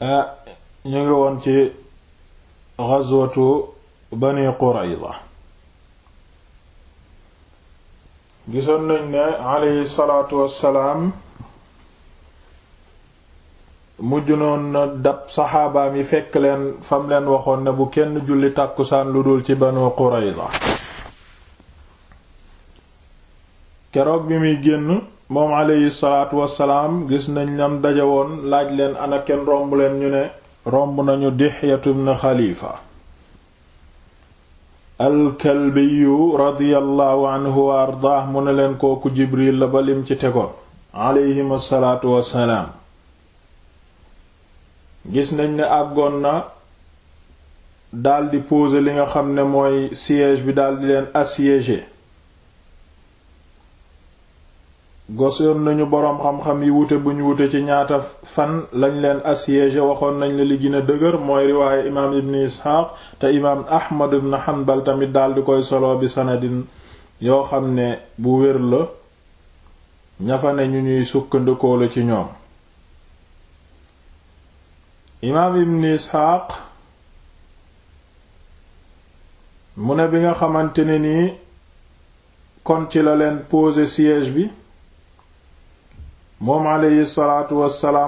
ñu ngi woon ci ghazwatu bani qurayza gisoon nañ ne aleyhi salaatu wassalaam mujj noon na dab saxaabaam yi fekk leen fam leen waxoon ne bu kenn julli tàkkusaan lu dul ci banu qurayza keroog bi muy génn moom aleyhi salaatu wassalaam gis nañ ñam daje woon laaj leen ana kenn romb leen ñu ne romb nañu di Dihyatu ibn Xalifa alkalbiyu radiyallahu anhu wa ardaah mu ne leen kooku Jibril la ba lim ci tegoon aleyhim gis nañ ne àggoon na daldi poser li nga xam ne mooy siège bi daldi leen assiéger gosoon nañu boroom xam-xam yi wute bu ñu wute ci ñaata fan lañ leen assiégé waxoon nañ la li gën dëgër mooy riwaaye imaam ibn isxaaq te imaam ahmad ibn hanbal tamit daal di koy solo bi sanadin yoo xam ne bu wér la ñafa ñu ñuy sukkandikoo ci ñoom imaam ibn isxaaq mu ne bi nga xamante ne nii kon ci la leen posé siège bi moom aleyhi salaatu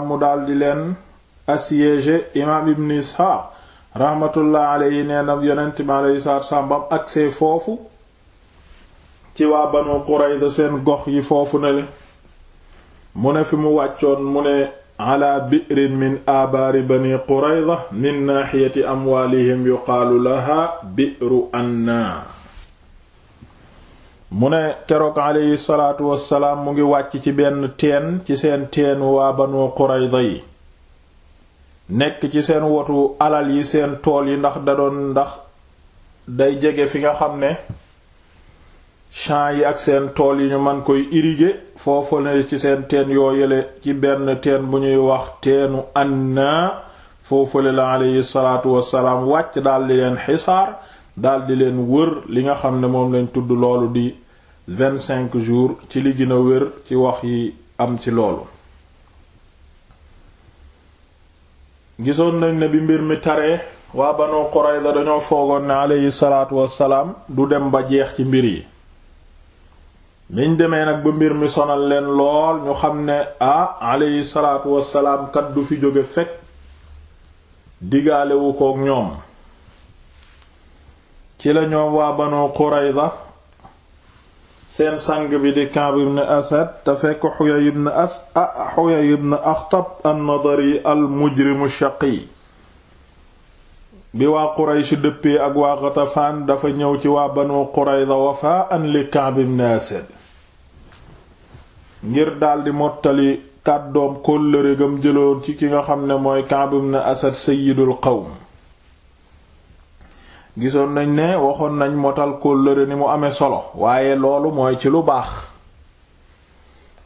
mu daldi leen assiégé imaam ibn isxaaq rahmatullah aleyhi nee na yonent bi aleyhi salaatu wassalaam foofu ci waa banu qurayza seen gox yi foofu ne le mu ne fi mu wàccoon mu ne ala bi'rin min abaari bani qurayza min naaxiyati amwaalihim yuqaalu laha bi'ru anna mu ne keroog aleyhi salaatu wassalaam mu ngi wàcc ci benn teen ci seen teen waa banu Qurayza yi nekk ci seen wotu alal yi seen tool yi ndax da doon ndax day jege fi nga xam ne champs yi ak seen tool yi ñu man koy irriguer foofu ne ci seen teen yoo yële ci benn teen bu ñuy wax teenu Anna foofule la aleyhi salaatu wassalaam wàcc daldi leen xisaar daldi leen wër li nga xam ne moom lañ tudd loolu di vingt-cinq jours ci li gën a wër ci wax yi am ci loolu gisoon nañ ne bi mbir mi taree waa Banu Qurayza dañoo foogoon ne aleyhi salaatu wassalaam du dem ba jeex ci mbir yi niñ demee nag ba mbir mi sonal leen lool ñu xam ne a ah, aleyhi salaatu wassalaam kat du fi jóge fekk digaalewu kook ñoom ci la ñoom waa Banu Qurayza seen sang bi di Kaab ibn Asad te fekk Huyay ibn As Huyay ibn Akhtab an-Nadari al-mujrimu shaqi bi waa Quraysh dëppee ak waa Ghatafaan dafa ñëw ci waa Banu Qurayza wafaa'an li Kaab ibn Asad ngir daldi mottali kàddoom kóllëre gam jëloon ci ki nga xam ne mooy Kaab ibn Asad sayyidul qawm gisoon nañ ne waxoon nañ motal kóllëre ni mu amee solo waaye loolu mooy ci lu baax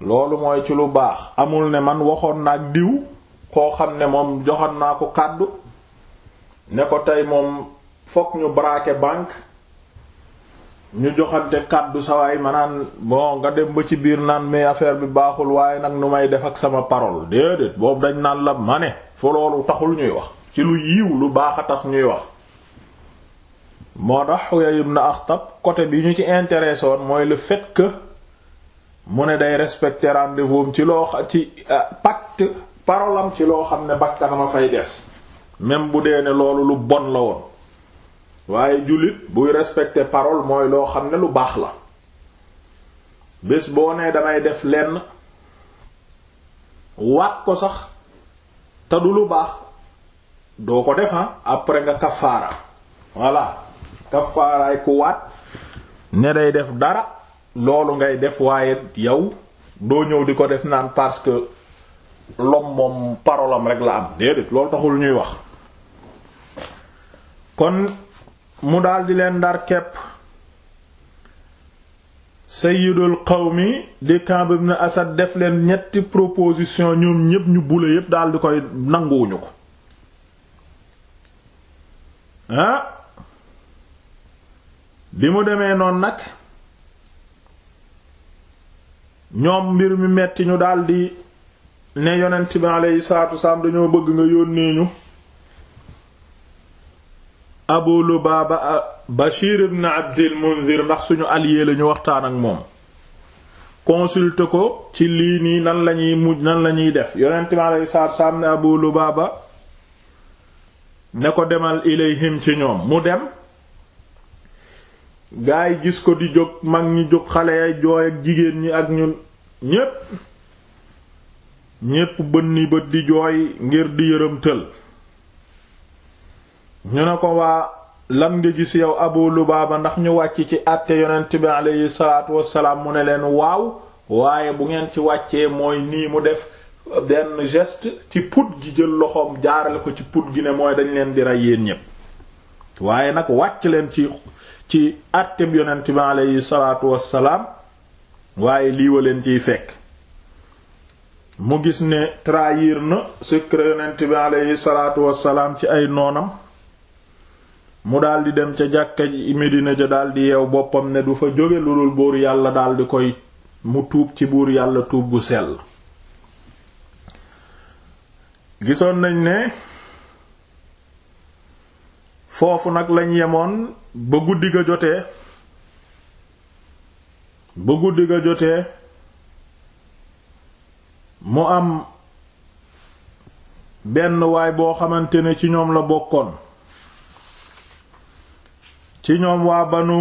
loolu mooy ci lu baax amul ne man waxoon naa ak diw xoo xam ne moom joxoon naa ko kàddu ne ko tey moom fokk ñu braquer banque ñu joxante kàddu sawaay manaan bon nga dem ba ci biir naan mais affaire bi baaxul waaye nag nu may def ak sama parole déedéet boobu dañ naan la ma ne fu loolu taxul ñuy wax ci lu yiw lu baax a tax ñuy wax moo tax Huyay ibn Akhtab côté bi ñu ci intéressé mooy le fait que mu ne day respecter rendez-vous ci loo ci euh, pacte parole ci loo xam ne bakkanama fay des même bu dee loolu lu bon la waaye jullit buy respecter parole mooy loo xam ne lu baax la bés boo nee damay def lenn waat ko sax te du lu baax doo ko defan ah, après nga kafaara voilà kafaaraay ku waat ne day def dara loolu ngay def waaye yow doo ñëw di ko def naan parce que l'homme moom parole rek la am déedéet loolu taxul ñuy wax kon mu daldi leen ndar kepp sayyidul qawmi di Ka'b ibn Asad def leen ñetti proposition ñoom ñépp ñu bule yépp daldi koy nanguwuñu ko ah bi mu demee noon nag ñoom mbir mi metti ñu daldi ne yonent bi alayhi salaatu wasalaam dañoo bëgg nga yónnee ñu Abu Lubaaba Bashir ibn Abdil Munzir ndax suñu allié la ñu waxtaan ak moom consulte ko ci lii nii nan lañuy mujj nan lañuy def yonent bi alayhi salaatu wasalaam ne Abu Lubaaba ne ko demal ilayhim ci ñoom mu dem gaa yi gis ko di jóg mag ñi jóg xale ya jooy ak jigéen ñi ak ñun ñépp ñépp ni bët di jooy ngir di yërëmtël ñu ne ko waa lan nga gis yow Abu Lubaaba ndax ñu wàcc ci àtte yonent bi aleyhi salaatu wassalaam mu ne leen waaw waaye bu ngeen ci wàccee mooy nii mu def benn gest ci put gi jël loxoom jaarale ko ci put gi ne mooy dañ leen di rey yéen ñépp waaye nag wàcc leen ci ci àtteb yonent bi aleyhi salaatu wassalaam waaye lii wa leen ciy fekk mu gis ne trahir na secret yonent bi aleyhi salaatu wassalaam ci ay noonam mu daldi dem ca jàkka Medina ja daldi yeew boppam ne du fa jóge lu dul buur yàlla daldi koy mu tuub ci buur yàlla tuub gu sell gisoon nañ ne foofu nag lañ yemoon ba guddi ga jotee ba guddi ga jotee mu am benn waay boo xamante ne ci ñoom la bokkoon ci ñoom waa banu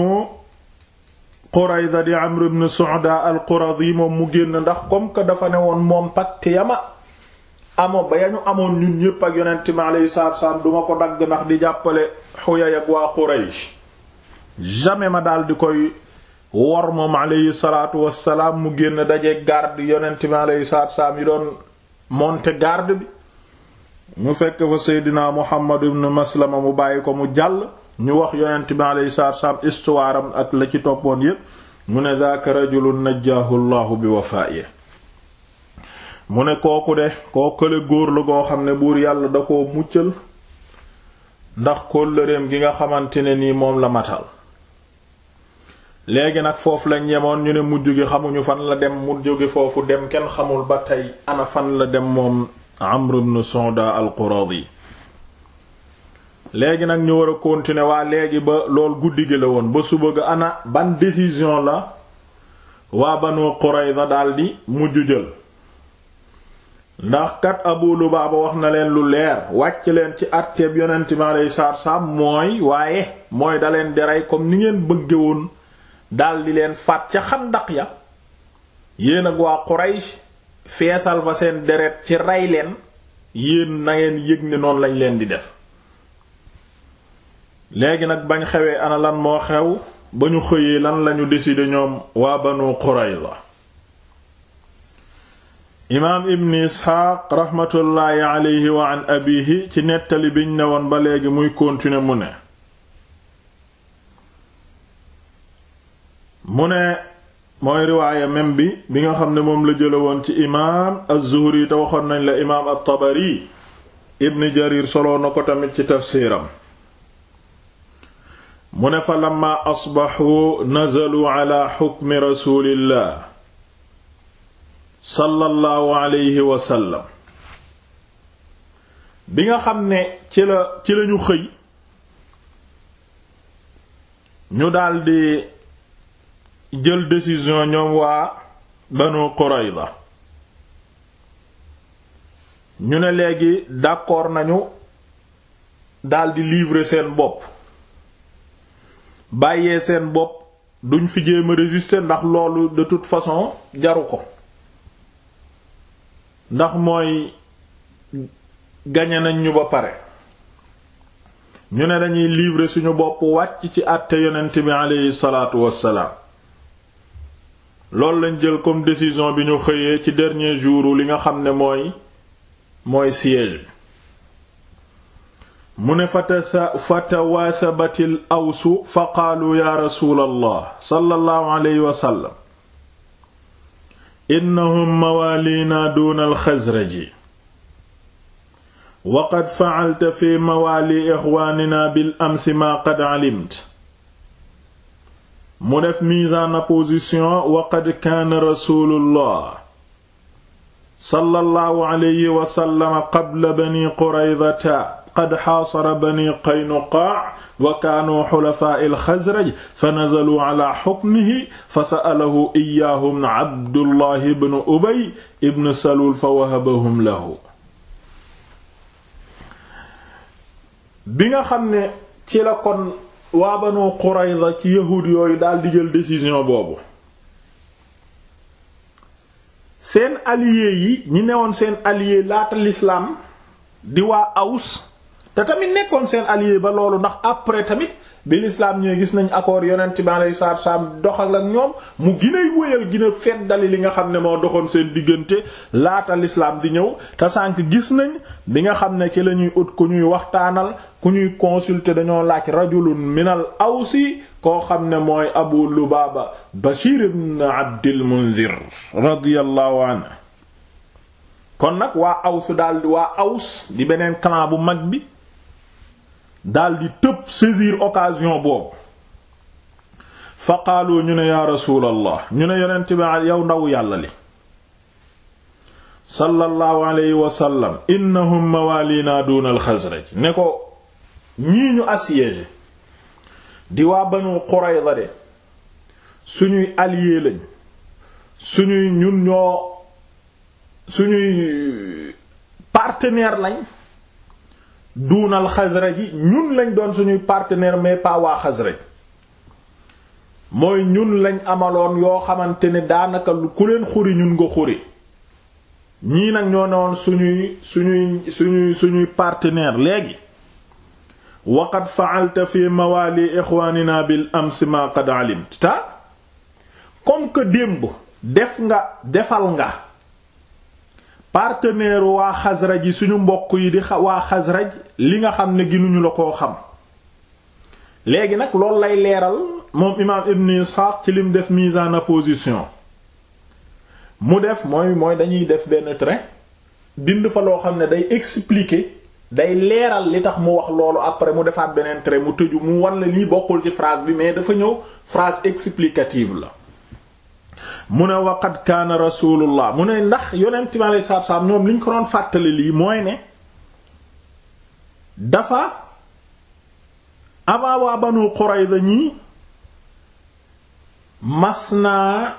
Qurayza di Amr ibn Su'da al-Qurazi moom mu génn ndax comme que dafa ne woon moom pacte yama amoon ba yañu amoon ñun ñépp ak yonent mi alayhi salaatu salaam duma ko dagg ndax di jàppale Huyay ak waa Quraysh jamais ma daal di koy wor moom alayhi salaatu wassalaam mu génn daje garde yonent mi alayhi salaatu salaam yi doon monter garde bi ñu fekk fa Seydina Muhammad ibn Maslama mu bàyyi ko mu jàll ñu wax yonent bi alayhi salaatu salaam histoire ak la ci toppoon yépp mu ne zaaka rajulun najjaahu Allahu bi wafaa'ihi mu ne kooku de koo kële góor la goo xam ne buur yàlla da koo muccal ndax kóllëreem gi nga xamante ne nii moom la matal léegi nag foofu la yemoon ñu ne mujj gi xamuñu fan la dem mu jóge foofu dem kenn xamul ba tey ana fan la dem moom Amr ibn Sonda al yi léegi nag ñu war a continuer waa léegi ba lool guddi gi la woon ba suba ga ana ban décision la waa Banu Qurayza daldi mujj jël ndax kat Abu Lubaaba wax na leen lu leer wàcc leen ci àtteeb yonent mi alayhi mooy waaye mooy daleen leen di rey comme ni ngeen bëgge woon daldi leen faat ca xandax ya yéen ak waa Quraysh feesal fa seen deret ci rey leen yéen na ngeen yëg ne noonu lañ leen di def léegi nag bañ xewee ana lan moo xew ba ñu xëyee lan lañu décider ñoom waa Banu Qurayza imaam ibn isxaaq raxmatullaahi wa an abihi ci nettali biñ ne woon ba léegi muy continuer mu ne mu ne mooy riwaaya mem bi bi nga xam ne moom la jële woon ci imaam az-zuhri te waxoon nañ la imaam at-tabari ibn jarir soloo na ko tamit ci tafsiiram mu ne fa lamma asbaxu nazalu ala xukmi rasulillah sallallahu alayhi wa sallam bi nga xam ne ci la ci lañu xëy ñu daldi jël décision ñoom waa Banu la ñu ne léegi d'accord nañu daldi livrer seen bopp bàyyee seen bopp duñ fi jéem a résister ndax loolu de toute façon jaru ko ndax mooy gañe nañ ñu ba pare ñu ne nañuy livrer suñu bopp wàcc ci àtte yonent bi aleyhi wassalaam loolu lañ jël comme décision bi ñu xëyee ci dernier jour li nga xam ne mooy mooy siège mu ne fatawaasabatil awsu fa qaalu ya rasulallah sallallahu alayhi wa sallam innahum mawaalina duna alxasraji waqad facalta fi mawaali ixwaanina bil amsi maa qad calimt mu def mise en opposition waqad kaana rasulullah sallallahu alayhi wa sallam qabla bani quraydata qad xaasara bani qaynuqaa wa kaanu xulafaa'i al fa nazaluu bi nga xam ne ci la kon waa banu Qurayza ci yahuud yooyu daal di jël décision boobu seen alliés yi ñi newoon seen alliés laata lislaam di waa Aws te tamit nekkoon seen allié ba loolu ndax après tamit bi l'islam ñëwee gis nañ accord yonent bi alayhi salaatu saam doxal ak ñoom mu gën a wëyal gën feddali li nga xam ne moo doxoon seen diggante laata lislaam di ñëw te sànq gis nañ bi nga xam ne ci la ñuy ut ku ñuy waxtaanal ku ñuy consulter dañoo laaj rajulun minal awsi koo xam ne mooy Abu Lubaaba Bashir ibn Abdil Munzir radiyallahu anhu kon nag waa aws daal waa aws di beneen clan bu mag bi daldi tëb saisir occasion boobu fa qaalu ñu ne yaa rasuulallah ñu ne yonent bi yow ndaw yàlla li sallallahu alayhi wasallam innahum mawaalina duna alxasraj ne ko ñii ñu assiégé di waa banu Qurayza de suñuy allié lañ suñuy ñun ñoo suñuy partenaire lañ duunal Xasraj yi ñun lañ doon suñuy partenaire mais pas waa mooy ñun lañ amaloon yoo xamante ne daanaka lu ku leen xuri ñun nga xuri ñii nag ñoo newoon suñuy suñuy suñuy suñuy partenaire léegi waqad fa'alta fi mawali ixwanina am ams ma qad alimta comme que démb def nga defal nga partenaire waa xasraj yi suñu mbokk yi di waa xasraj li nga xam ne ginuñu la koo xam léegi nag loolu lay leeral moom imaam Ibn Ishaq ci lim def mise en opposition mu def mooy mooy dañuy def benn train bind fa loo xam ne day expliquer day leeral li tax mu wax loolu après mu defaat beneen trait mu tëju mu wan la lii bokkul ci phrase bi mais dafa ñëw phrase explicative la mu ne waqad kaana rasulullah mu ne ndax yonent bi alayhi salaatu ñoom li ko doon fàttale lii mooy ne dafa avant waa banu Qurayza ñii mas naa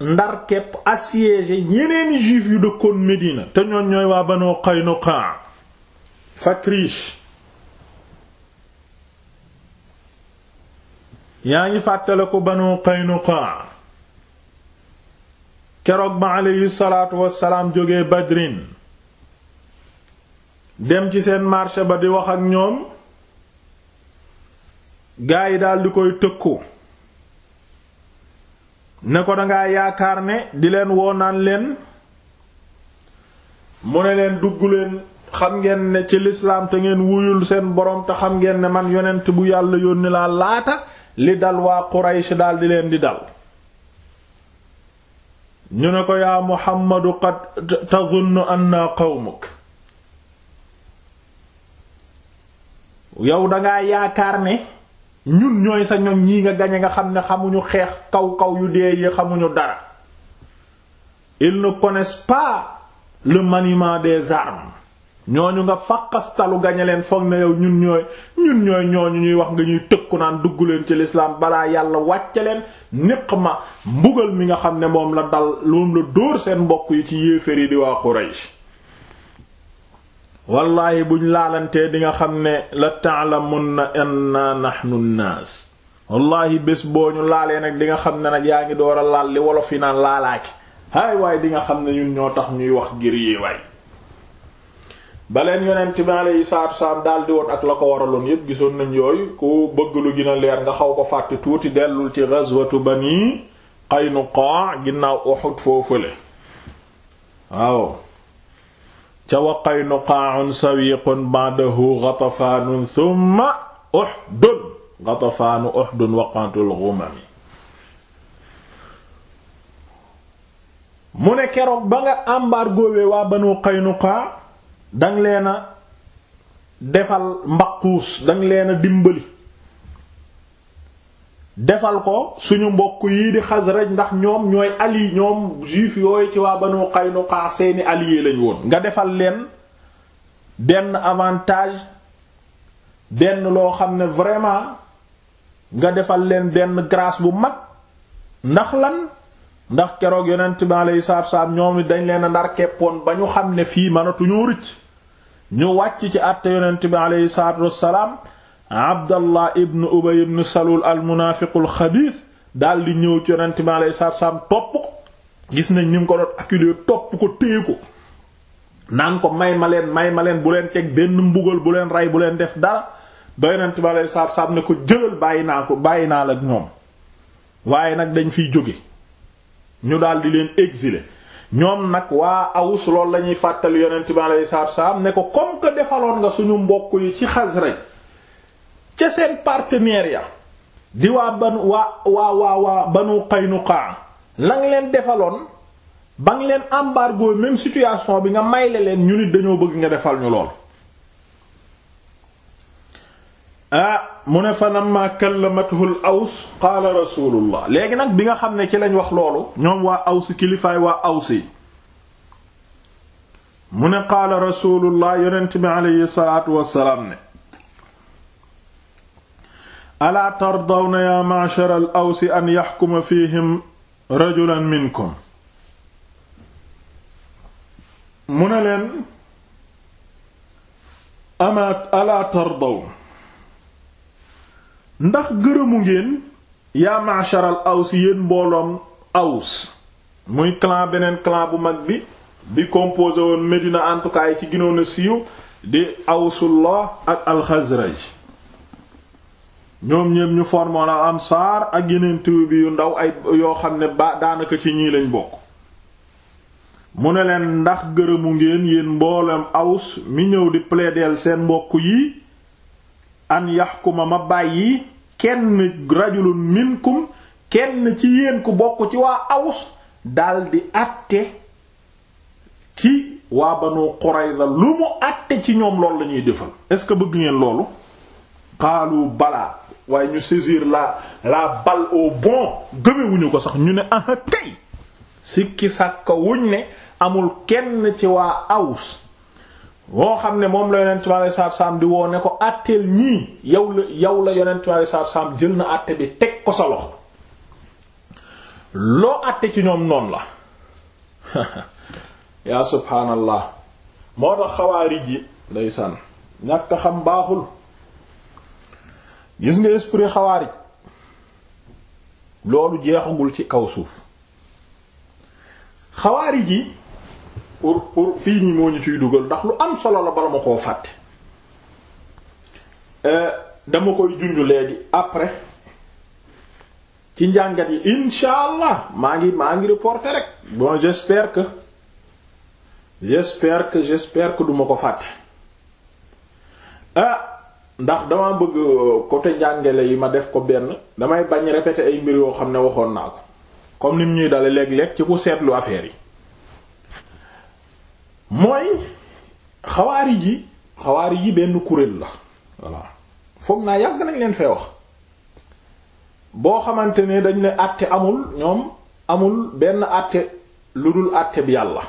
ndar kepp assiégé ñeneeni juif yu dëkkoon Médina te ñoon ñooy waa banu Qaynuqa Fakrish yaa ngi fàttale ko banu Qaynuqa keroog ba aleyhi salaatu wassalaam jógee badrin dem ci seen marché ba di wax ak ñoom gaa yi daldi koy tëkku ne ko dangaa yaakaar ne di leen woonaan leen mu ne leen dugg leen xam ngeen ne ci lislaam te ngeen wuyul seen borom te xam ngeen ne man yonent bu yàlla yónni laa laata li dal waa Quraysh daldi leen di dal ñu ne ko yaa Muhammadu qad tazunnu anna qawmuk yow dangaa yaakaar ne ñun ñooy sa ñoñ ñii nga gañe nga xam ne xamuñu xeex kaw kaw yu dee yi xamuñu dara ils ne connaissent pas le maniement des armes ñooñu nga fàqastalu gañe leen foog na yow ñun ñooy ñun ñooy ñooñu ñuy wax nga ñuy tëkku naan dugg leen ci lislaam balaa yàlla wàcce leen niq ma mbugal mi nga xam ne moom la dal moom la dóor seen mbokk yi ci yéefér yi di waa Quraysh wallaahi buñ laalantee di nga xam ne la ta'lamunna anna nahnu an-naas wallaahi bés boo ñu laalee nag di nga xam ne nag yaa ngi door a laal li wolof yi naan laalaaki haay waaye di nga xam ne ñun ñoo tax ñuy wax ngir yi ba leen yonent bi alayhi salaatu salaam daal di woon ak la ko waraloon yépp gisoon nañ yooyu ku bëgg lu gën leer nga xaw ko fàtte tuuti dellul ci ghazwatu bani Qaynuqa ginnaaw Uhud foofule waaw ca wa Qaynuqa'un sawiqun ba'dahu Ghatafaanun thumma Uhdun Ghatafaanu Uhdun waqantul ghumami mu ne keroog ba nga embargo waa Banu Qaynuqa danga leen a defal mbaquus danga leen a dimbali defal ko suñu mbokk yi di Xasraj ndax ñoom ñooy ali ñoom juif yooyu ci waa Banu Qaynuqa seeni alliés lañ woon nga defal leen benn avantage benn loo xam ne vraiment nga defal leen benn grâce bu mag ndax lan ndax keroog yonent bi alayhi salaatu salaam ñoom dañ leen a ndar keppoon ba ñu xam ne fii mënatuñoo rëcc ñu wàcc ci àtte yonent bi alayhi salaatu wassalaam Abdallah ibn Ubay ibn Salul al munaafiqul xabiis daal di ñëw ci yonent bi alayhi salaatu salaam topp gis nañ ni mu ko doon acculé topp ko téye ko naan ko may ma leen may ma leen bu leen teg benn mbugal bu leen rey bu leen def dara ba yonent bi alayhi salaatu salaam ne ko jëlal bàyyi naa ko bàyyi naa la ak ñoom waaye nag dañ fiy jóge ñu daal di leen exiler ñoom nag waa awus loolu la ñuy fàttali yonent bi alayhi salaatu salaam ne ko comme que defaloon nga suñu mbokk yi ci Xasraj ca seen partenaires ya di waa ban waa waa waa waa Banu Qaynuqa la nga leen defaloon ba nga leen embargo même situation bi nga mayle leen ñu nit dañoo bëgg nga defal ñu lool ah mu ne fa lamma kallamathu l aws qaala rasulullah léegi nag bi nga xam ne ci lañ wax loolu ñoom waa aws kilifaay waa aws yi mu ne qaala rasulullah yonent bi aleyhi salaatu wassalaam ne alaa tardawna ya ma'shar al awsi an yaxkuma fihim rajulan minkum mu ne leen ama alaa tardawna ndax gërëmu ngeen yaa ma'sharal aws yéen mbooloom aws muy clan beneen clan bu mag bi bi composé woon Medina en tout ci ginoon a siiw di awsullah ak alxazraj ñoom ñépp ñu formoon al ansaar ak yeneen tiw bi yu ndaw ay yoo xam ne ba daanaka ci ñii lañ bokk mu ne leen ndax gërëmu ngeen yéen mbooloom aws mi ñëw di plaideel seen mbokk yi an yaxkuma ma bàyyi kenn rajulun minkum kenn ci yéen ku bokk ci waa awus daldi àtte ci waa banu Qurayza lu mu àtte ci ñoom loolu lañuy defal est-ce que bëgg ngeen loolu xaalu balaa waaye ñu saisir la la balle au bon gëmewuñu ko sax ñu ne ah tey sikki sàkka wuñ ne amul kenn ci waa awus woo xam ne moom la yonent bi alayhi salaatu di woo ne ko àtteel ñii yow la yow la yonent bi alayhi salaatu salaam jël na àtte bi teg ko sa loxo loo àtte ci ñoom noonu la yaa subhaanallah moo tax xawaarij yi ndeysaan ñàkk xam baaxul gis nga esprit xawaarij loolu jeexagul ci kaw suuf xawaarij ji pour pour fii nii moo ñu ciy dugal ndax lu am solo la bala ma koo fàtte euh, dama koy junj léegi après ci njàngat yi incha allah maa ngi maa ngi reporter rek bon j'espère que j'espère que j'espère que duma ko fàtte ah ndax dama bëgg euh, côté njàngale yi ma def ko benn damay bañ répéter ay mbir yoo xam ne waxoon naa ko comme ni mu ñuy dale léeg-léeg ci ku seetlu affaire yi mooy xawaari ji xawaari ji benn kuréel la voilà foog naa yàgg nañ leen fee wax boo xamante ne dañ ne àtte amul ñoom amul benn àtte lu dul àtte bi yàlla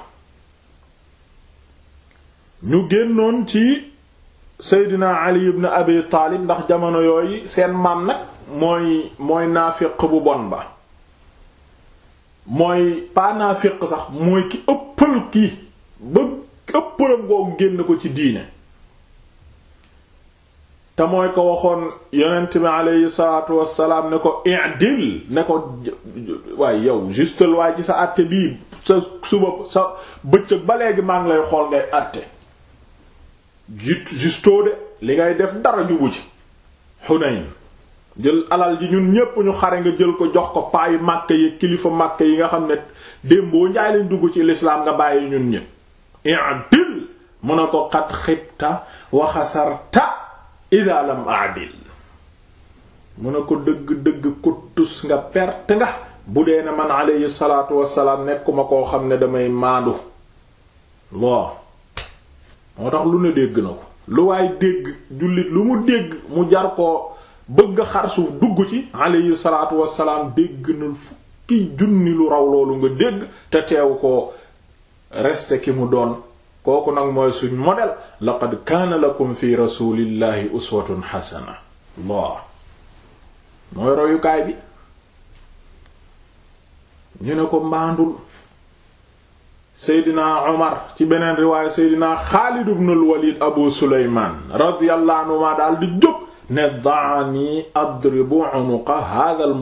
ñu génnoon ci Seydina Ali ibn Abi Taalib ndax jamono yooyu seen maam nag mooy mooy naafiq bu bon ba mooy pas naafiq sax mooy ki ëppal ki ba ëppalam googu génn ko ci diine te mooy ko waxoon yonent bi aleyhi salaatu wassalaam ne ko i'dil ne ko waaye yow juste waaye ci sa àtte bii sa suba sa bëccëg ba léegi maa ngi lay xool ngay àtte juste de li ngay def dara jubu ci Hunayn jël alal ji ñun ñépp ñu xare nga jël ko jox ko paayu màkk yi kilifa màkk yi nga xam ne démboo njaay lañ dugg ci lislaam nga bàyyi ñun ñépp i'dil mu ne ko xat xibta wa xasarta idha lam mu ne ko dëgg-dëgg kuttus bu dee ne man alayhi salaatu nekkuma koo xam ne damay maandu loo moo tax lu ne dégg na ko lu waay dégg jullit lu mu dégg mu jar koo bëgg xar suuf dugg ci alayhi salaatu wassalaam dégg na fukki junni lu raw loolu nga dégg te teew ko reste ki mu doon kooku nag mooy suñ modèle laqad kaana lakum fi rasulillahi uswatun xasana Allah mooy royukaay bi ñu ne ko mbaandul seydina omar ci beneen riwaaya seydina xaalid ibnul walid abu suleyman radiyallahu anhu ma daal di jóg ne daani adribu unuqa hadha al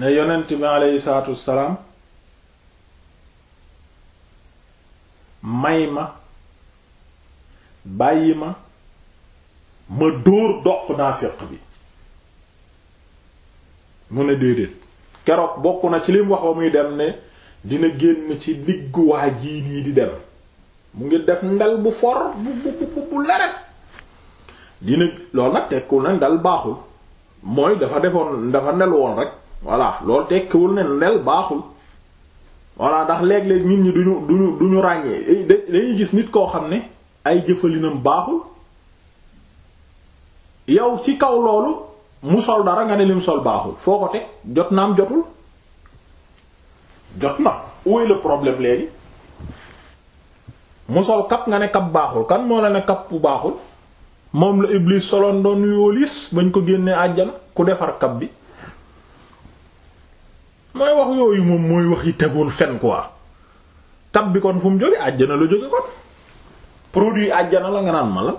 ne yonent bi aleyhi salaatu salaam may ma bàyyi ma ma dóor doq naafiq bi mu ne déedéet keroog bokk na ci lim wax ba muy dem ne dina génn ci diggu waa jii nii di dem mu ngi def ndal bu for bu bu bu bu dina loolu nag tekkul na ndal baaxul mooy dafa defoon dafa nel woon rek voilà loolu tekkiwul ne ndel baaxul voilà ndax léeg-léeg nit ñi duñu duñu duñu ràññee eh, dañuy gis nit koo xam ne ay jëfalinam baaxul yow ci kaw loolu mu sol dara nga ne lim sol baaxul foo ko teg jot naa am jotul jot na où est le problème léegi mu sol kap nga ne kap baaxul kan moo la ne kap bu baaxul moom la Iblis soloon doon yoolis bañ ko génnee àjjana ku defar kap bi mooy wax yooyu moom mooy wax yi tegul fen quoi bi kon fu mu jóge àjjana la jóge kon produit àjjana la nga naan ma la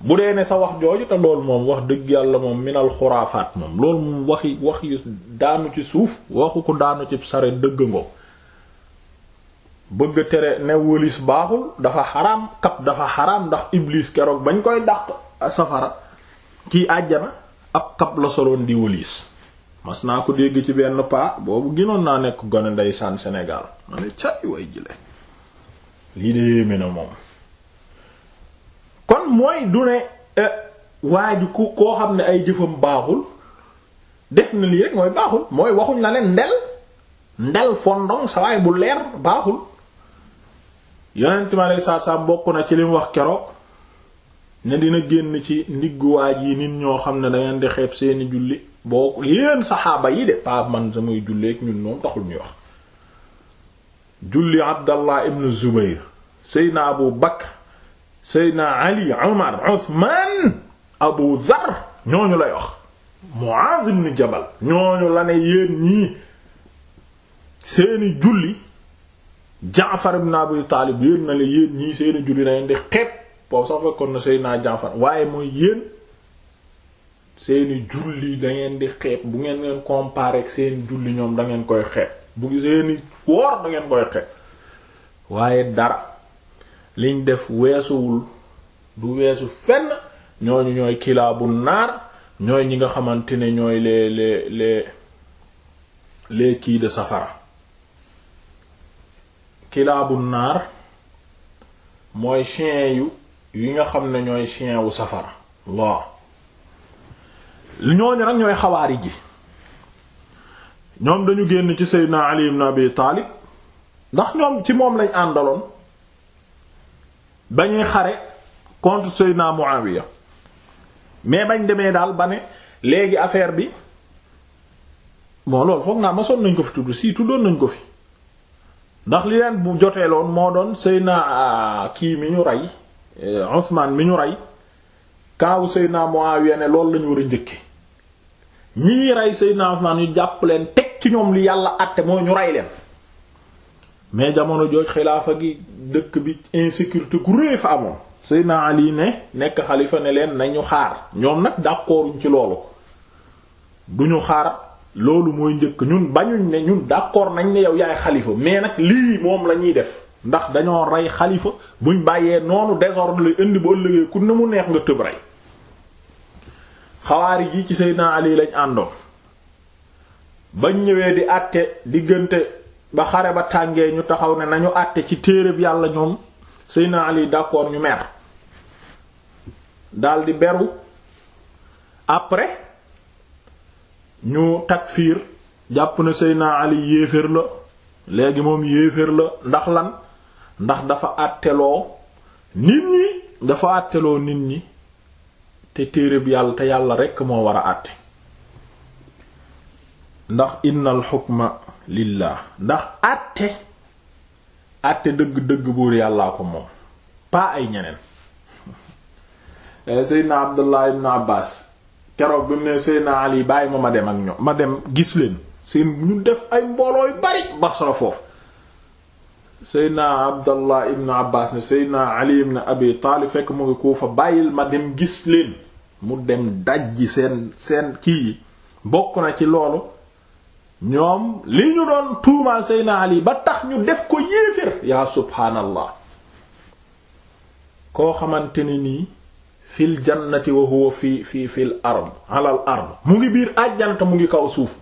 bu dee ne sa wax jooju te lool moom wax dëgg yàlla moom minal xuraafaat moom loolu mu waxi wax yu daanu ci suuf waxu ko daanu ci sare dëgg ngoo bëgg tere ne wëlis baaxul dafa xaraam kap dafa xaraam ndax iblis keroog bañ koy dàq safara ci àjjana ab kap la soloon di wëlis mas naa ko dégg ci benn paa boobu ginoon naa nekk gone ndeysaan Sénégal ma ne cay way jile lii de yéeme na moom kon mooy du ne eh, waa ku koo xam ne ay jëfam baaxul def na lii rek mooy baaxul mooy waxuñ la ne ndel ndel fondong sawaay bu leer baaxul yonent mi aleyhi salaatu bokk na ci lim wax keroog ne dina génn ci ndiggu waaj yi nit ñoo xam ne dangeen di xeeb seeni julli boo ko yéen saxaaba yi de pas man samay julleek ñun moom taxul ñuy wax julli abdallah ibn zubayr seydna abu bakr seydna ali umar uthman abu dhar ñooñu lay wax muaz ibn jabal ñooñu la ne yéen ñii seeni julli jaafar ibn abi taalib yéen na la yéen ñii seeni julli na leen di xeet boobu sax fekkoon na seydna jaafar waaye mooy yéen seeni julli da ngeen di xeet bu ngeen ngeen comparer ak seeni julli ñoom da koy xeeb bu seeni woor da koy xeeb waaye dara liñ def weesuwul du weesu fenn ñooñu ñooy kilaabu naar ñooy ñi nga xamante ne ñooy les les les les naar mooy chien yu yi nga xam ne ñooy chien wu safara waaw ñooñu nag ñooy xawaari ji ñoom dañu génn ci Seydina Ali ibn Abi Taalib ndax ñoom ci moom lañ àndaloon bañuy xare contre Seydina Muawiya mais bañ demee daal ba ne léegi affaire bi bon loolu foog naa masoon nañ ko fi tudd si tuddoon nañ ko fi ndax li leen bu joteeloon moo doon Seydina ah, kii mi ñu rey eh, Usmaan mi ñu rey kaawu Seydina Muawiya ne loolu lañu war a njëkke ñii rey Seydina Usmaan ñu jàpp leen teg ci ñoom li yàlla àtte mooy ñu rey leen mais jamono jooj xilaafa gi dëkk bi insécurité ku rée fa amoon naa Ali ne nekk xalifa ne leen nañu xaar ñoom nag d'accorduñ ci loolu duñu xaar loolu mooy njëkk ñun bañuñ ne ñun d'accord nañ ne yow yaay xalifa mais nag lii moom la ñuy def ndax dañoo rey xalifa buñ bàyyee noonu désordre indi ba ëllëgee ku ne mu neex nga tëb rey xawaari yi ci Seydina yi lañ àndoon bañ ñëwee di àtte diggante ba xare ba tàngee ñu taxaw ne nañu àtte ci téereb yàlla ñoom Seydina Ali d'accord ñu mer daldi beru après ñu takfiir jàpp na Seydina Ali yéeféer la léegi moom yéeféer la ndax lan ndax dafa àtteloo nit ñi dafa àtteloo nit ñi te téereb yàlla te yàlla rekk moo war a àtte ndax innal xukma lillah ndax àtte àtte dëgg-dëgg buur yàllaa ko moom pas ay ñeneen eh, seydna abdullah ibn abbas keroog bi mu ne seydna ali bàyyi ma ma dem ak ñoom ma dem gis leen seen ñu def ay mboolooy bari basra foofu seydna abdallah ibn abbas ne seydna ali ibn abi fekk mu ngi Kuufa bàyyil ma dem gis leen mu dem dajji seen seen kii bokk na ci loolu ñoom li ñu doon tuumaal seydna ali ba tax ñu def ko yéefér yaa subhaanallah koo xamante ni nii fil jannati wa huwa fi fi fil ard alal ard mu ngi biir àjjanta mu ngi kaw suuf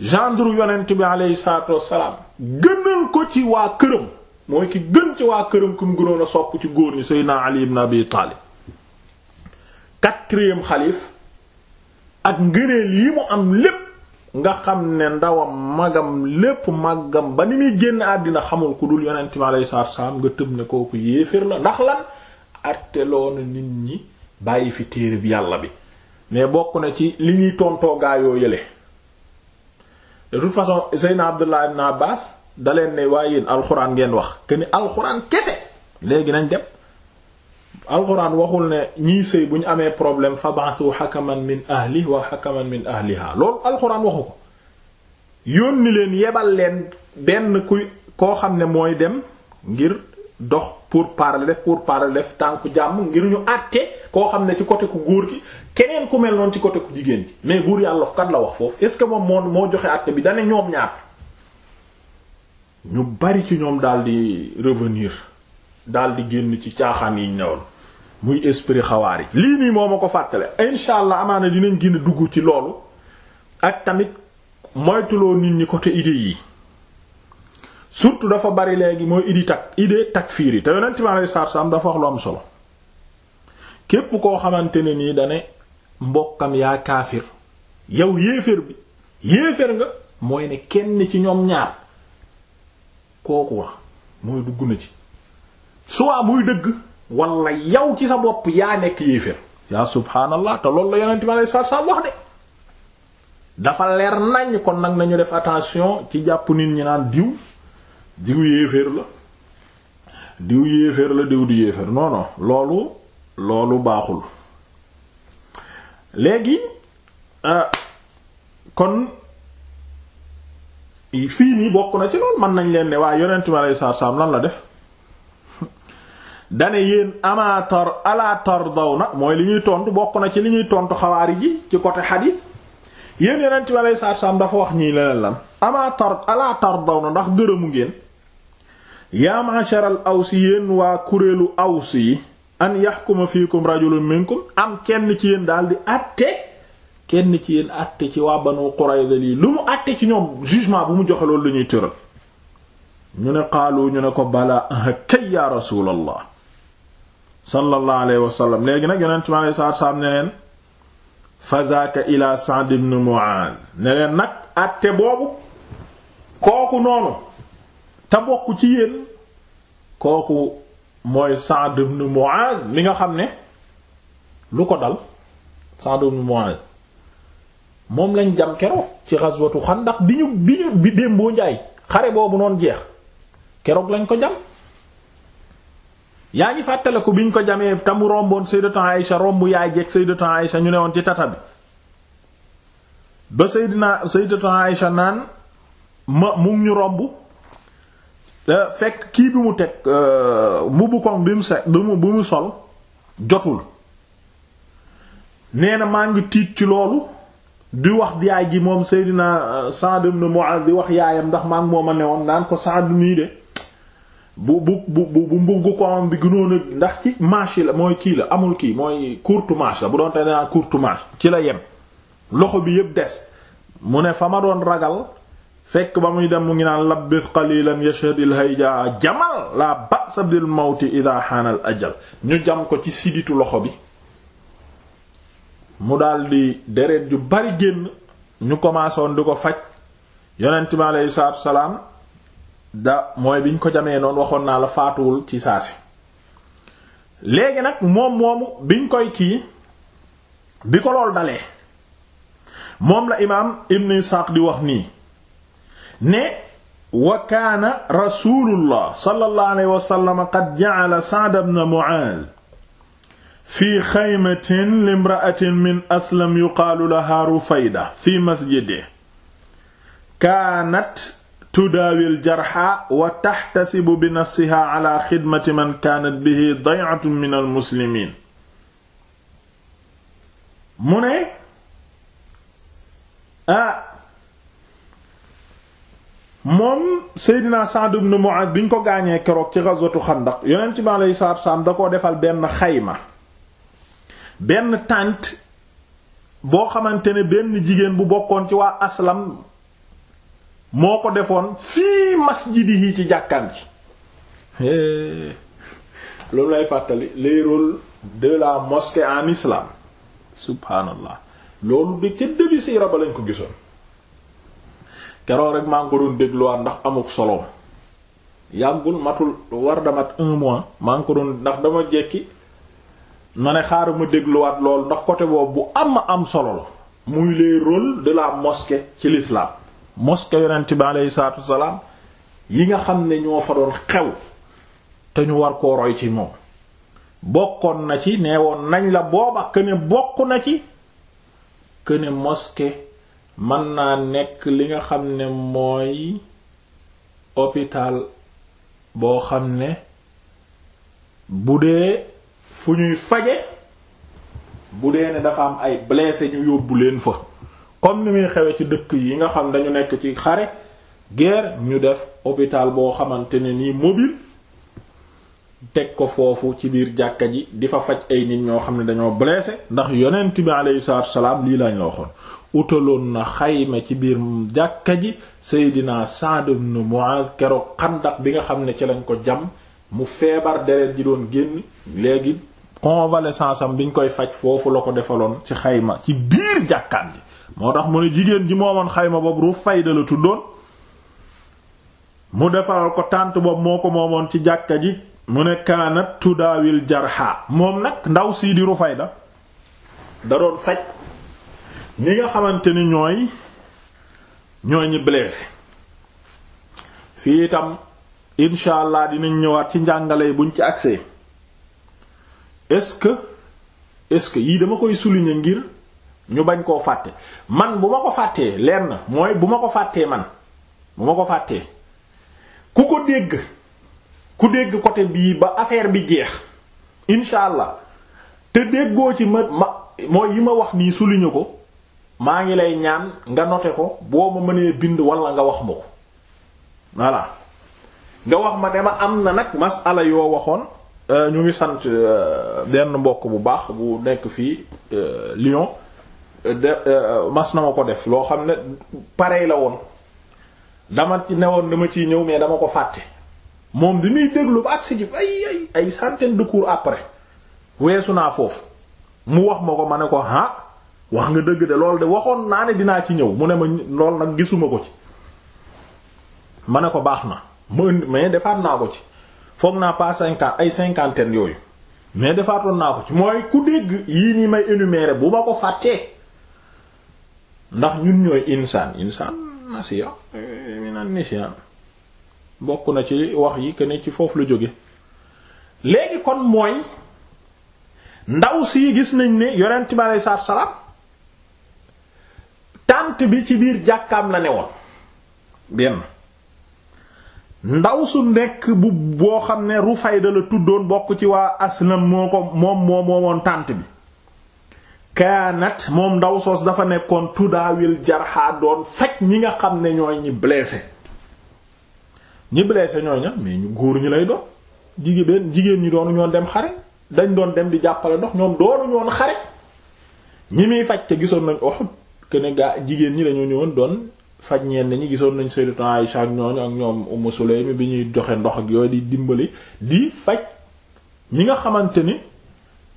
gendre yonent bi aleyhi salaatu wassalaam gënal ko ci waa këram mooy ki gën ci waa këram ku mu gënoon a sopp ci góor ñi seydina ali ibn abi taalib quatrième xalif ak ngëneel yi mu am lépp nga xam ne ndawam magam lépp magam ba ni muy génn àddina xamul ku dul yonent bi aleyhi salaatu wassalaam nga tëb ne kooku yéeféer na ndax lan arteloona nit ñi bàyyi fi téere bi yàlla bi mais bokk na ci li ñuy tontoo gaayoo yële de toute façon Seydina Abdullah ibn Abbas da leen ne waaye yéen alxuraan ngeen wax que ni alxuraan kese léegi nañ dem alxuraan waxul ne ñii sëy bu ñu amee problème fabasu hakaman min ahli wa hakaman min ahliha loolu alxuraan waxu ko yónni yebal leen benn kuy koo xam ne mooy dem ngir dox pour parler def pour parler def tànk jàmm ngir ñu àtte koo xam ne ci côté ku góor ki keneen ku mel noonu ci côté ku jigéen ji mais buur yàlla kat la wax foofu est ce que moom moo moo joxe àtte bi dane ñoom ñaar ñu bari ci ñoom daal di revenir daal di génn ci caaxaan yi ñu muy esprit xawaar yi lii nii moo ma ko fàttale incha allah amaana dinañ gën dugg ci loolu ak tamit moytuloo nit ñi côté idée yi surtout dafa bari léegi mooy idi tak idée takfiir yi te yonent bi alayhi salaatu salaam dafa wax lu am solo képp koo xamante ne nii dane mbokkam yaa kaafir yow yéeféer bi yéeféer nga mooy ne kenn ci ñoom ñaar kooku wax mooy dugg na ci soit muy dëgg wala yow ci sa bopp yaa nekk yéeféer yaa subhaanallah te loolu la yonent bi alayhi sa salaam wax de dafa leer nañ kon nag nañu def attention ci jàpp nit ñi naan diw diw yéeféer la diw yéeféer la diw di yéeféer non loolu loolu baaxul léegi euh, kon fii nii bokk na ci loolu mën nañ leen ne waaye yonent mi alayhi salaatu lan la def dane yéen amatar ala tardawna mooy li ñuy tontu bokk na ci li ñuy tontu xawaari ji ci côté xadiis yéen yonent mi alayhi salaatu salaam dafa wax ñii leneen lan amatar ala tardawna ndax gërëmu ngeen yaa ma'sharal awsi yéen waa kuréelu awsi yi an yahkuma fiikum rajulun minkum am kenn ci yéen daal di àtte kenn ci yéen àtte ci waa Banu Qurayza lii lu mu àtte ci ñoom jugement bu mu joxe loolu ñuy tëral ñu ne xaalu ñu ne ko bala kay ya rasulallah sallallahu alayhi wa léegi nag yonent mi alayhi salaatu salaam ne leen fa zaaka ila Sa'd ibn Mu'adh ne leen nag àtte boobu kooku noonu te bokk ci yéen kooku mooy Sa'd ibn Mu'adh mi nga xam ne lu ko dal Sa'd ibn Mu'adh moom lañ jam keroog ci ghazwatu Xandaq ndax ñu bi ñu bi démboo njaay xare boobu noonu jeex keroog lañ ko jam yaa ngi fàttaliku biñ ko jamee te mu romboon Sayyidatu Aïsha romb yaay jeeg Sayyidatu Aïsha ñu ne woon ci tata bi ba Sayyidina Sayyidatu Aïsha naan ma mu ñu romb Eh, fekk kii bi mu teg eh, mbubu koŋ bi mu se bi mu sol jotul nee na maa ngi tiit ci loolu di wax yaay ji moom Seydina eh, Sa'd ibn Mu'adh di wax yaayam ndax maa ngi moom a newoon naan ko Sa'd nii de bu bi gënoon ndax ci la mooy kii la amul kii mooy courte manche la bu doon tey nee naa courte manche ci la yem loxo bi yëpp des mu ne fa ma doon ragal. fekk ba muy dem mu ngi naan labbis qalilan yashhadil hayja jamal la ba'sa bil mawti idha hanal ajal ñu jam ko ci siditu loxo bi mu daldi deret ju bari génn ñu commencé woon di ko faj yonent bi aleyhi salaatu salaam da mooy biñ ko jamee noonu waxoon naa la faatuwul ci saa si léegi nag moom moomu biñ koy kii bi ko lool dalee moom la imaam Ibn Isxaaq di wax nii ne wa kaana rasulullah sallallahu alayhi wa sallam qad ja'ala Sa'd ibn Mu'adh fi xaymatin limra'atin min aslam yuqaalu laha Rufayda fi masjidihi kaanat tudaawil jarxa wa taxtasibu bi nafsiha ala xidmati man kaanat bihi day'atun min almuslimiin mu ne ah moom Seydina Sa'd ibn Mu'adh bi ñu ko gaañee keroog ci ghazwatu Xandaq yonent bi alayhi salaatu salaam da koo defal benn xayma benn tànt boo xamante ne benn jigéen bu bokkoon ci waa aslam moo ko defoon fii masjidi yi ci jàkkaan ji loolu lay fàttali les rôles de la mosquée en islam subhaanallah loolu de ca début siira ba lañ ko gisoon keroog rek maa ngi ko doon dégluwaat ndax amuk solo yàggul matul war damat un mois maa ngi ko doon ndax dama jekki ma ne xaaral ma dégluwaat loolu ndax côté boobu bu am am solo la muy les rôles de la moske ci l'islam mosquée yonent bi aleyhi salaatu yi nga xam ne ñoo fa doon xew te ñu war koo roy ci moom bokkoon na ci nee woon nañ la booba que ne bokk na ci que moske mën naa nekk li nga xam ne mooy hôpital boo xam ne bu dee fu ñuy faje bu dee ne dafa am ay blessé ñu yóbbu leen fa kon ni muy xewe ci dëkk yi nga xam dañu nekk ci xare guerre ñu def hôpital boo xamante ne nii mobile teg ko foofu ci biir jàkka ji di fa faj ay nit ñoo xam ne dañoo blessé ndax yonent bi alayhi salaatu wa salaam lii lañ la waxoon utaloon na xayma ci biir jàkka ji Seydina Sa'd ibn Mu'adh keroog xandax bi nga xam ne ci lañ ko jam mu feebar deret ji doon génn léegi convalescence am biñ koy faj foofu la ko defaloon ci xayma ci biir jàkkaat ji moo tax mu ne jigéen ji moomoon xayma boobu Rufayda la tuddoon mu defaral ko tànt boobu moo ko moomoon ci jàkka ji mu ne kaanat tudaawil jarha moom nag ndaw sii di Rufayda da doon faj ñi nga xamante ni ñooy ñooy ñi blessé fii itam incha allah dinañ ñëwaat ci njàngale yi buñ ci accès est-ce que est-ce que yii dama koy souligner ngir ñu bañ koo fàtte man bu ma ko fàttee leer na mooy bu ma ko fàttee man bu ma ko fàttee ku ko dégg ku dégg côté bii ba affaire bi jeex incha allah te déggoo ci ma ma mooy yi ma wax nii souligner ko maa ngi lay ñaan nga note ko boo ma mënee bind wala nga wax ma ko voilà nga wax ma ne ma am na nag masala yoo waxoon euh, ñu ngi sant euh, benn mbokk bu baax bu nekk fii euh, Lyon de mas na ma ko def loo xam ne pareil la woon dama ci ne woon newoon ma ciy ñëw mais dama ko fàtte moom di muy déglu ba agsi ji ay ay ay centaine de cours après weesu naa foofu mu wax ma ko ma ne ko ah wax nga dëgg de loolu de waxoon naa ne dinaa ci ñëw mu ne ma lool nag gisuma ko ci ma ne ko baax na ma mais defaat naa ko ci foog naa pas cinquante ay cinquantaine yooyu mais defaatoon naa ko ci mooy ku yii nii may énumérer bu ma ko fàttee ndax ñun ñooy insaan insaan nasiya eh, minan nisyan bokk na ci wax yi que ne ci foofu la jóge léegi kon mooy ndaw si gis nañ ni yonent bi aleyhi salaatu salaam tant bi ci biir jàkkaam la ne woon benn ndaw su nekk bu boo xam ne Rufayda la tuddoon bokk ci waa Aslam moo ko moom moo bi kaanat moom ndaw soos dafa nekkoon tudaawil jarxaa doon faj ñi nga xam ne ñooy ñi blessé ñi blessé ñooy ña mais ñu góor ñi lay doon jigéen ñi doonu ñoon dem xare dañ doon dem di jàppale ndox ñoom doonu ñoon xare ñi muy faj te gisoon nañ Uhud que gaa jigéen ñi dañoo ñëwoon doon faj ñeen ñi gisoon nañ Sayyidatu Aisha ak ñooñu ak ñoom Ummu Sulaym bi ñuy joxe ndox ak yooyu di dimbali di faj ñi nga xamante ni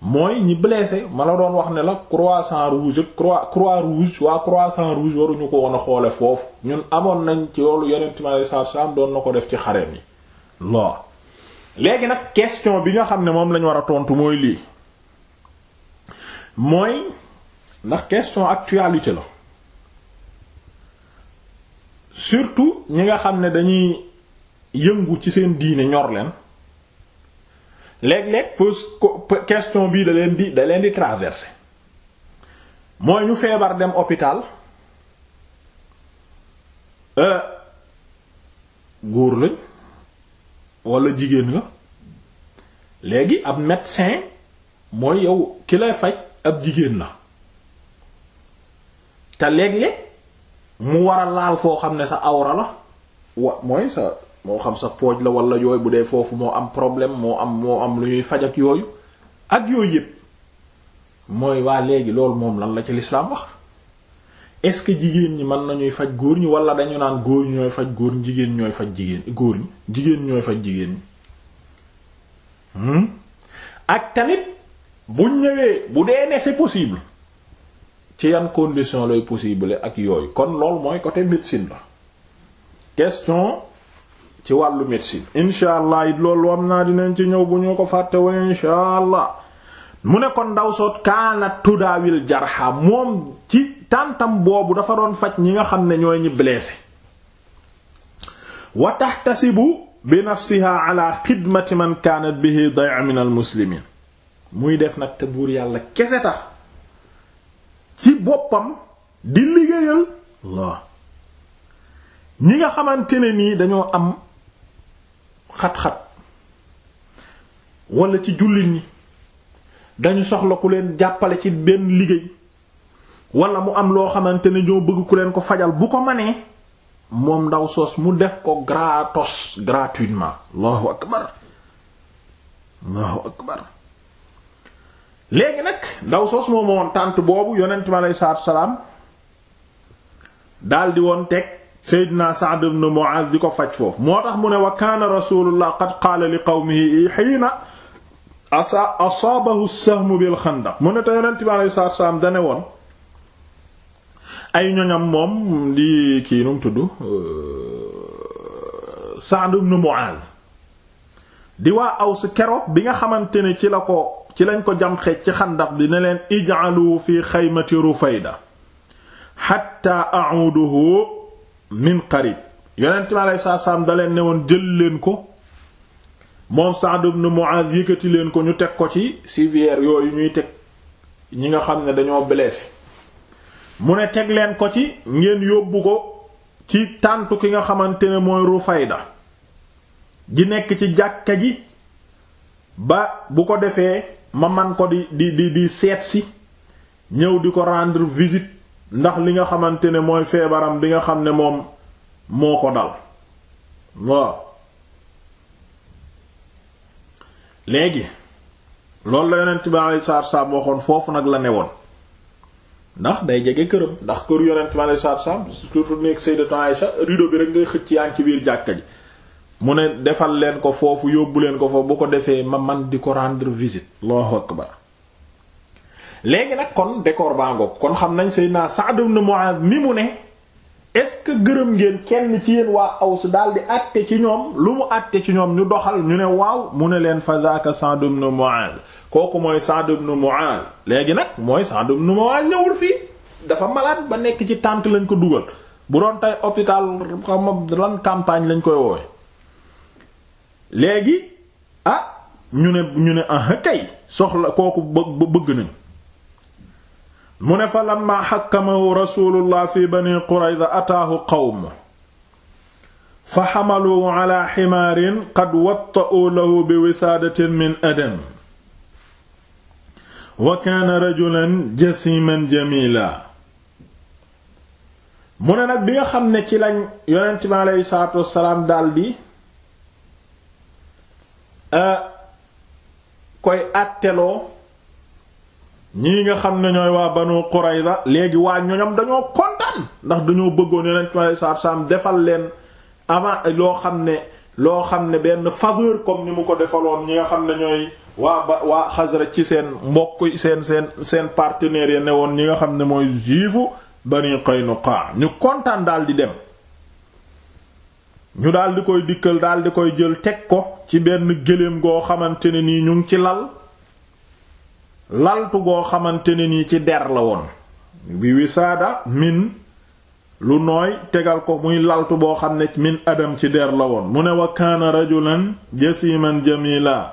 mooy ñi blessé ma la doon wax ne la croissant rouge croix croix rouge waa croissant rouge waruñu ko woon a xoole foofu ñun amoon nañ ci yoolu yonent mi alayhi salaatu salaam doon na ko def ci xaree yi lool léegi nag question bi nga xam ne moom lañu war a tontu mooy lii mooy ndax question actualité la surtout ñi nga xam ne dañuy yëngu ci seen diine ñor leen léeg-léeg pose question bii da leen di da leen di traverser mooy ñu feebar dem hôpital euh, góor lañ walla jigéen nga léegi ab médecin mooy yow ki lay faj ab jigéen la te léeg-léeg mu war a laal foo xam ne sa awra la wa mooy sa moo xam sa pooj la walla yooyu bu dee foofu moo am problème moo am moo am lu ñuy faj ak yooyu ak yooyu yépp mooy waa léegi loolu moom lan la ci lislaam wax est-ce que jigéen ñi mën nañuy faj góor ñi wala dañu naan góor ñooy faj góor ñi jigéen ñooy faj jigéen góor ñi jigéen ñooy faj jigéen ñi hmm? ak tamit bu ñëwee bu dee ne si possible ci yan condition lay possible ak yooyu kon lool mooy côté médecine la question ci wàllu médecine incha allah it loolu wam naa dinañ ci ñëw bu ñu ko fàtte woon incha allah mu ne kon ndaw soot kaana tudaawil jarxa moom ci tàntam boobu dafa doon faj ñi nga xam ne ñooy ñi blessé wa tasibu bi nafsiha ala xidmati man kaanat bihi day'a min al muslimin muy def nag te buur yàlla kese tax ci boppam di liggéeyal Allah ñi nga xamante nii dañoo am xat-xat wala ci jullit ñi dañu soxla ku leen jàppale ci benn liggéey wala mu am loo xamante ne ñoo bëgg ku leen ko fajal bu ko manee moom ndaw soos mu def ko gratos gratuitement allahu akbar allahu akbar léegi nag ndaw soos moo ma woon tànt boobu yonent mi aleyhi salaatu salaam daldi woon teg Seydina Sa'd ibn Mu'adh di ko faj foofu moo tax mu ne wa kaana rasulullah qad li qawmihi hiina asaabahu as-sahmu bil xandaq mu ne te yonent mi aleyhi salaatu salaam dane woon ay ñoñam moom di kii nu mu tudd euh, Sa'd ibn di waa aws keroog bi nga xamante ni ci la ko ci lañ ko jam xeej ci xandax bi ne leen ij'alu fi xaymati rufayda hatta a'uduhu min qarib yonent mi alayhi salaatu salaam da leen ne woon jël leen ko moom Sa'd ibn Mu'adh yëkkati leen ko ñu teg ko ci civière yooyu ñuy teg ñi nga xam ne dañoo blessé mu ne teg leen ko ci ngeen yóbbu ko ci tàntu ki nga xamante ne mooy Rufayda gi nekk ci jàkka ji ba bu ko defee ma man ko di di di di seet si ñëw di ko rendre visit ndax li nga xamante ne mooy feebaram bi nga xam ne moom moo ko dal waaw léegi loolu la yonent bi alayhi salaatu salaam waxoon foofu nag la ne woon ndax day jege këram ndax këru yonent bi alayhi salaatu salaam surtout nekk Sayyidatu Aïsha rideau bi rek ngay xëcc yaa ci biir jàkka ji mu ne defal leen ko foofu yóbbu leen ko foofu bu ko defee ma man di ko rendre visite Allahu ba léegi nag kon décor baa ngoog kon xam nañ Seydina Sa'd ibn Mu'adh mi mu ne est-ce que gërëm ngeen kenn ci yéen waa Aws daal di àtte ci ñoom lu mu àtte ci ñoom ñu doxal ñu ne waaw mu ne leen fa zaaka Sa'd ibn kooku mooy Sa'd ibn Mu'adh léegi nag mooy Sa'd ibn ñëwul fii dafa malade ba nekk ci tànt lañ ko dugal bu doon tey hôpital xam lan campagne lañ koy woowe léegi ah ñu ne ñu ne ah kay soxla kooku bëgg nañu mu ne fa lamma xakkamahu rasulullah fi bani qurayza ataahu qawm fa xamaluhu ala ximaarin qad watta'u lahu bi wisaadatin min adam wa kaana rajulan jasiman jamila mu ne nag bi nga xam ne ci lañ yonent bi aleyhi salaatu wassalaam daldi Euh, koy àtteloo ñii nga xam ne ñooy waa Banu Qurayza léegi waa ñoñam dañoo kontaan ndax dañoo bëggoon yeneen ma sa saam defal leen avant loo xam ne loo xam ne benn faveur comme ni mu ko defaloon ñi nga xam ne ñooy waa ba waa Xasra ci seen mbokk seen seen seen partenaires yi ne woon ñi nga xam ne mooy jiifu Bani Qaynuqa ñu kontaan daal di dem ñu daal di koy dikkal daal di koy jël teg ko ci benn gëléem goo xamante ne nii ñu ci lal laltu goo xamante ne nii ci der la woon bi wisaada min lu nooy tegal ko muy laltu boo xam ne min adam ci der la woon mu ne wa kaana rajulan jasiman jamila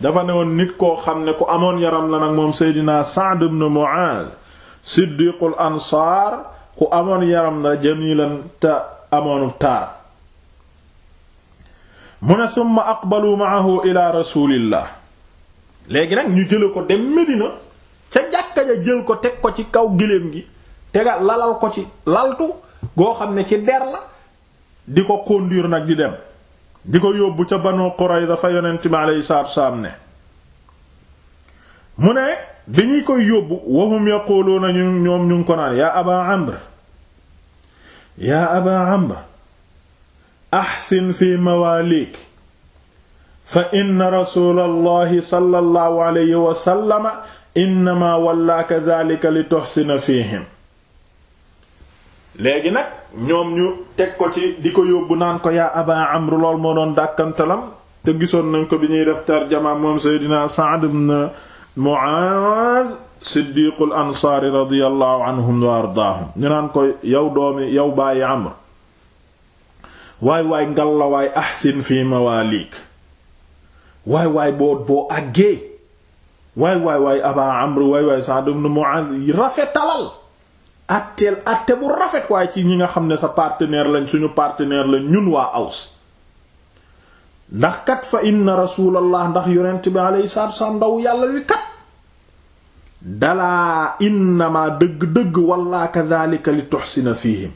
dafa ne woon nit koo xam ne ku amoon yaram la nag moom seydinaa Sa'd ibn Mu'adh siddiqul ansaar ku amoon yaram la jamilan te amoonu taar mu ne summa aqbalu maahu ila rasulillah léegi nag ñu jële ko dem Medina ca jàkka ja jël ko teg ko ci kaw gëléem gi tega lalal ko ci laltu goo xam ne ci der la di ko conduire nag di dem di ko yóbbu ca Banu Qurayza fa yonent bi alayhi salaatu salaam ne mu ne bi ñuy koy yóbbu wahum yaquluuna ñu ñoom ñu ngi ko naan yaa aba amr yaa aba amr sin fi mawaalik fa inna rasuulallahi sallallahu alayhi wa sallam innama wallaaka li tuhsina fiihim léegi nag ñoom ñu teg ko ci di ko yóbbu naan ko yaa aba amru lool moo doon dàkkantalam te gisoon nañ ko bi ñuy def tarjama moom seydina Sa'd ibn Mu'aaz siddiqul ansaari radiyallahu anhum wa ardaahum ñu naan ko yow doomi yow bàyyi amr waay waay ngal la waay ahsin fi mawalik waay waay boo boo àggee waay waay waay aba amr waay waay Sa'd ibn Mu'adh rafetalal atteel atte bu rafet waaye ci ñi nga xam ne sa partenaire lañ suñu partenaire lañ ñun waa aws ndax kat fa inna rasulallah ndax yonent bi alayhi salaatu wassalaam ndaw yàlla wi kat dalaa innamaa dëgg-dëgg walla kadhalika li tuhsina fihim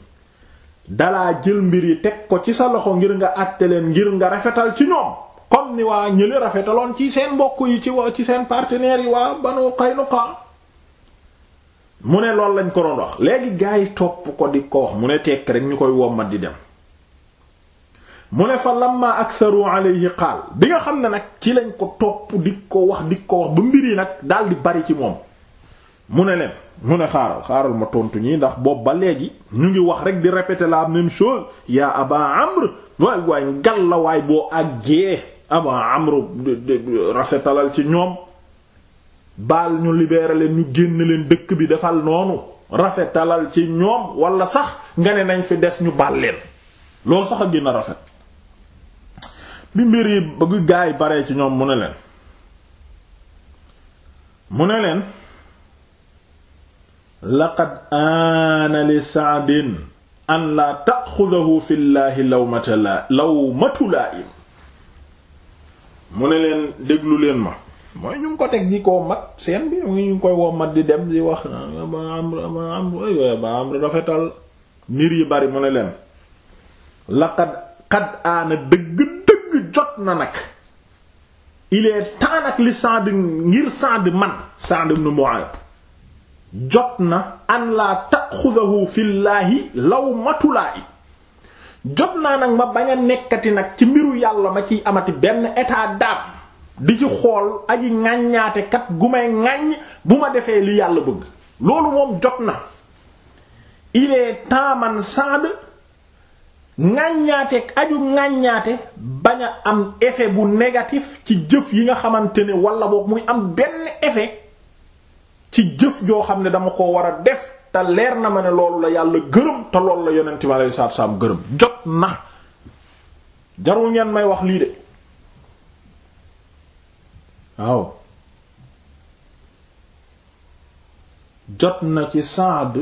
dalaa jël mbir yi teg ko ci sa loxo ngir nga àtte leen ngir nga rafetal ci ñoom kon ni waa ñële rafetaloon ci seen mbokk yi ci waa ci seen partenaires yi waa Banu Qaynuqa mu ne loolu lañ ko doon wax léegi gaa yi topp ko di ko wax mu ne tekk rek ñu koy wommat di dem mu ne fa lamma aksaru alayhi qaal bi nga xam ne nag ci lañ ko topp di ko wax di ko wax ba mbir yi nag daldi bari ci moom mu ne leen mu ne xaaral xaaral ma tontu ñii ndax boobu ba léegi ñu ngi wax rek di répéter la même chose yaa aba amr waay waay ngal la waay boo àggee aba amr rafetalal ci ñoom baal ñu libeerale ñu génn leen dëkk bi defal noonu rafetalal ci ñoom walla sax nga ne nañ fi des ñu baal leen loolu sax a gën rafet bi mbir yi bëgg gaay baree ci ñoom mu ne leen mu ne leen laqad aana li saadin an laa taxudahu fi llaahi lawmata laa lawmatu laa'im mu ne leen déglu leen ma mooy ñu ngi ko teg di koo mat seen bi mu ngi ñu koy woo mat di dem di wax ah, ah, ba am ah, ba am ba am rafetal mbir yi bari mu ne leen laqad qad aana dëgg-dëgg jot na nag il est temps nag li Saad ngir Saad man Saad ibn Mu'adh jot na an laa taxudahu fillaahi law jot naa nag ma bañ a nekkati nag ci mbiru yàlla ma ciy amati benn état d'âme di ci xool aji ŋàññaate kat gu may ŋàññ bu ma defee li yàlla bëgg loolu moom jot na il est temps man aju ŋàññaate bañ a am effet bu négatif ci jëf yi nga xamante ne wala boog muy am benn effet ci jëf joo xam ne dama ko war a def te leer na ma ne loolu la yàlla gërëm te loolu la yonent bi alayhi salaatu salaam gërëm jot na jarul ngeen may wax lii de waaw jot na ci Saad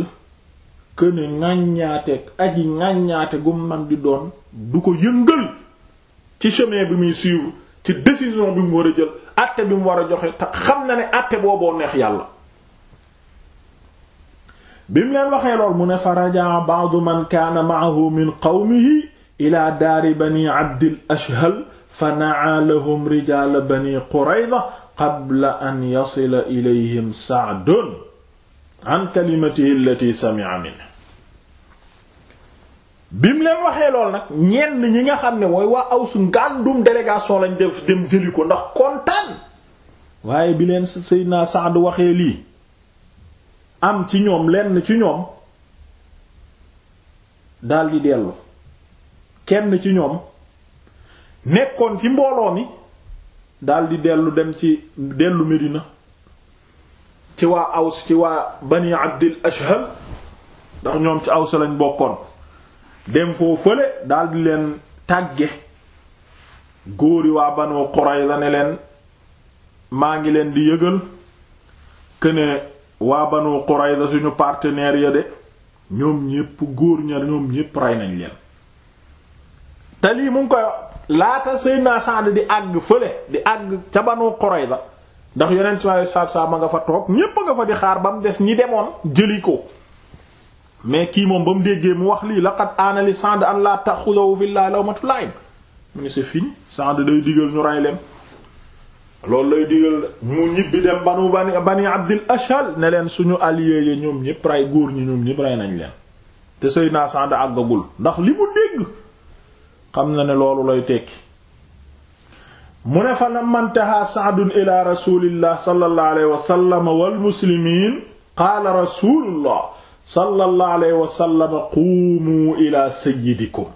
këne ŋàññaateeg aji ŋàññaate gu man di doon du ko yëngal ci chemin bi muy suivre ci décision bi mu war a jël àtte bi mu war a joxe te xam na ne àtte booboo neex yàlla bi mu leen waxee lool mu ne fa rajaa ba'du man kaana ma'ahu min qawmihi ila daari bani abdil ashhal fa na'a lahum rijaal bani qurayza qabla an yasila ilayhim sa'dun an kalimatihi allati sami'a minhu bi mu leen waxee lool nag ñenn ñi nga xam ne mooy waa Aws ngàndum délégation lañ def dem jëli ko ndax kontaan waaye bi leen Seydina Saad waxee lii am ci ñoom lenn ci ñoom daldi dellu kenn ci ñoom nekkoon ci mbooloo mi daldi dellu dem ci dellu Medina ci waa Aws ci waa Bani Abdil Ashhal ndax ñoom ci Aws lañ bokkoon dem foo fële daldi leen tàgge góori waa Banu la ne leen maa ngi leen di yëgal këne waa Banu Qurayza suñu partenaire ya de ñoom ñépp góor ña ñoom ñépp rey nañ leen te lii mu ko laata laata naa Saad di àgg fële di àgg ca Banu Qurayza ndax yeneen sallallahu alayhi wasallam ma nga fa toog ñépp a nga fa di xaar ba mu des ñi demoon jëli ko mais kii moom ba mu déggee mu wax lii laqad aanali Saad an la ta'khudahu fillahi la la'im mu ne c'est fini Saad day digal ñu rey leen loolu lay digal mu ñibbi dem banu bani bani abdil ashal ne leen suñu allié ya ñoom ñépp rey góor ñi ñoom ñépp rey nañ leen te sëy naa àggagul ndax li mu dégg xam ne loolu lay tekki mu ne fa lamantaha saadun ila rasulillah sallallahu alayhi wasallam wal muslimiin qaala rasulullah sallallahu alayhi wasallam quumu ila sayyidikum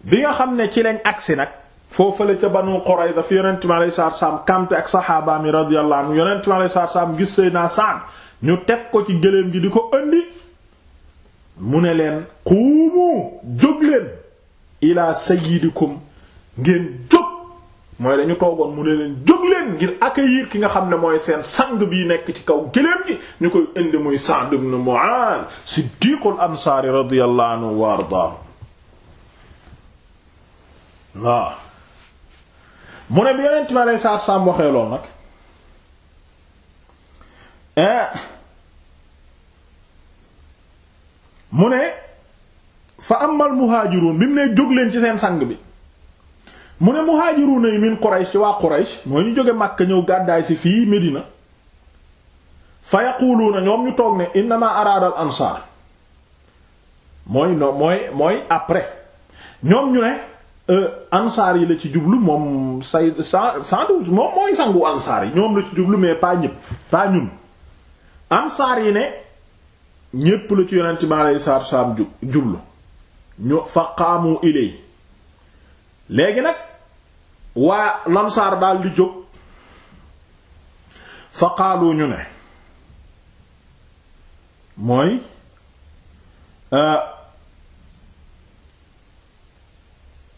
bi nga xam ne ci lañ agsi nag foofale ca Banu Qurayza fi yonent mi alayhi salaatu salaam kampe ak saxaaba mi radiyallahu anhu yonent salaam gis Seydina Sa'd ñu teg ko ci gëléem gi di ko indi mu ne leen xuumu jóg leen ilaa sayyidikum ngeen jóg mooy dañu toogoon mu ne leen jóg leen ngir accueillir ki nga xam ne mooy seen sang bi nekk ci kaw gëléem gi ñu koy indi muy Sa'd ibn Mu'adh siddiqul ansaari radiyallahu anhu wa mu ne bi yonent mi aleyhi salaatu salaam waxee lool nag mu ne fa amal muhaajiruun bi mu ne jóg leen ci seen sang bi mu ne muhaajiruuna yi min Quraysh ci waa Quraysh mooy ñu jóge màkk ñëw gàddaay si fii Medina fa yaquluuna ñoom ñu toog ne innamaa araada al ansaar mooy no mooy mooy après ñoom ñu ne Euh, ansaar yi la ci jublu moom say sa sans moom mooy sangu ansaar yi ñoom la ci jublu mais pas ñëpp pas ñun ansaar yi ne ñépp la ci yonent bi aleyhi salaatu salaam jublu ñu fa ilay léegi nag waa lansaar daal di jóg fa qaalu ñu ne mooy. Euh,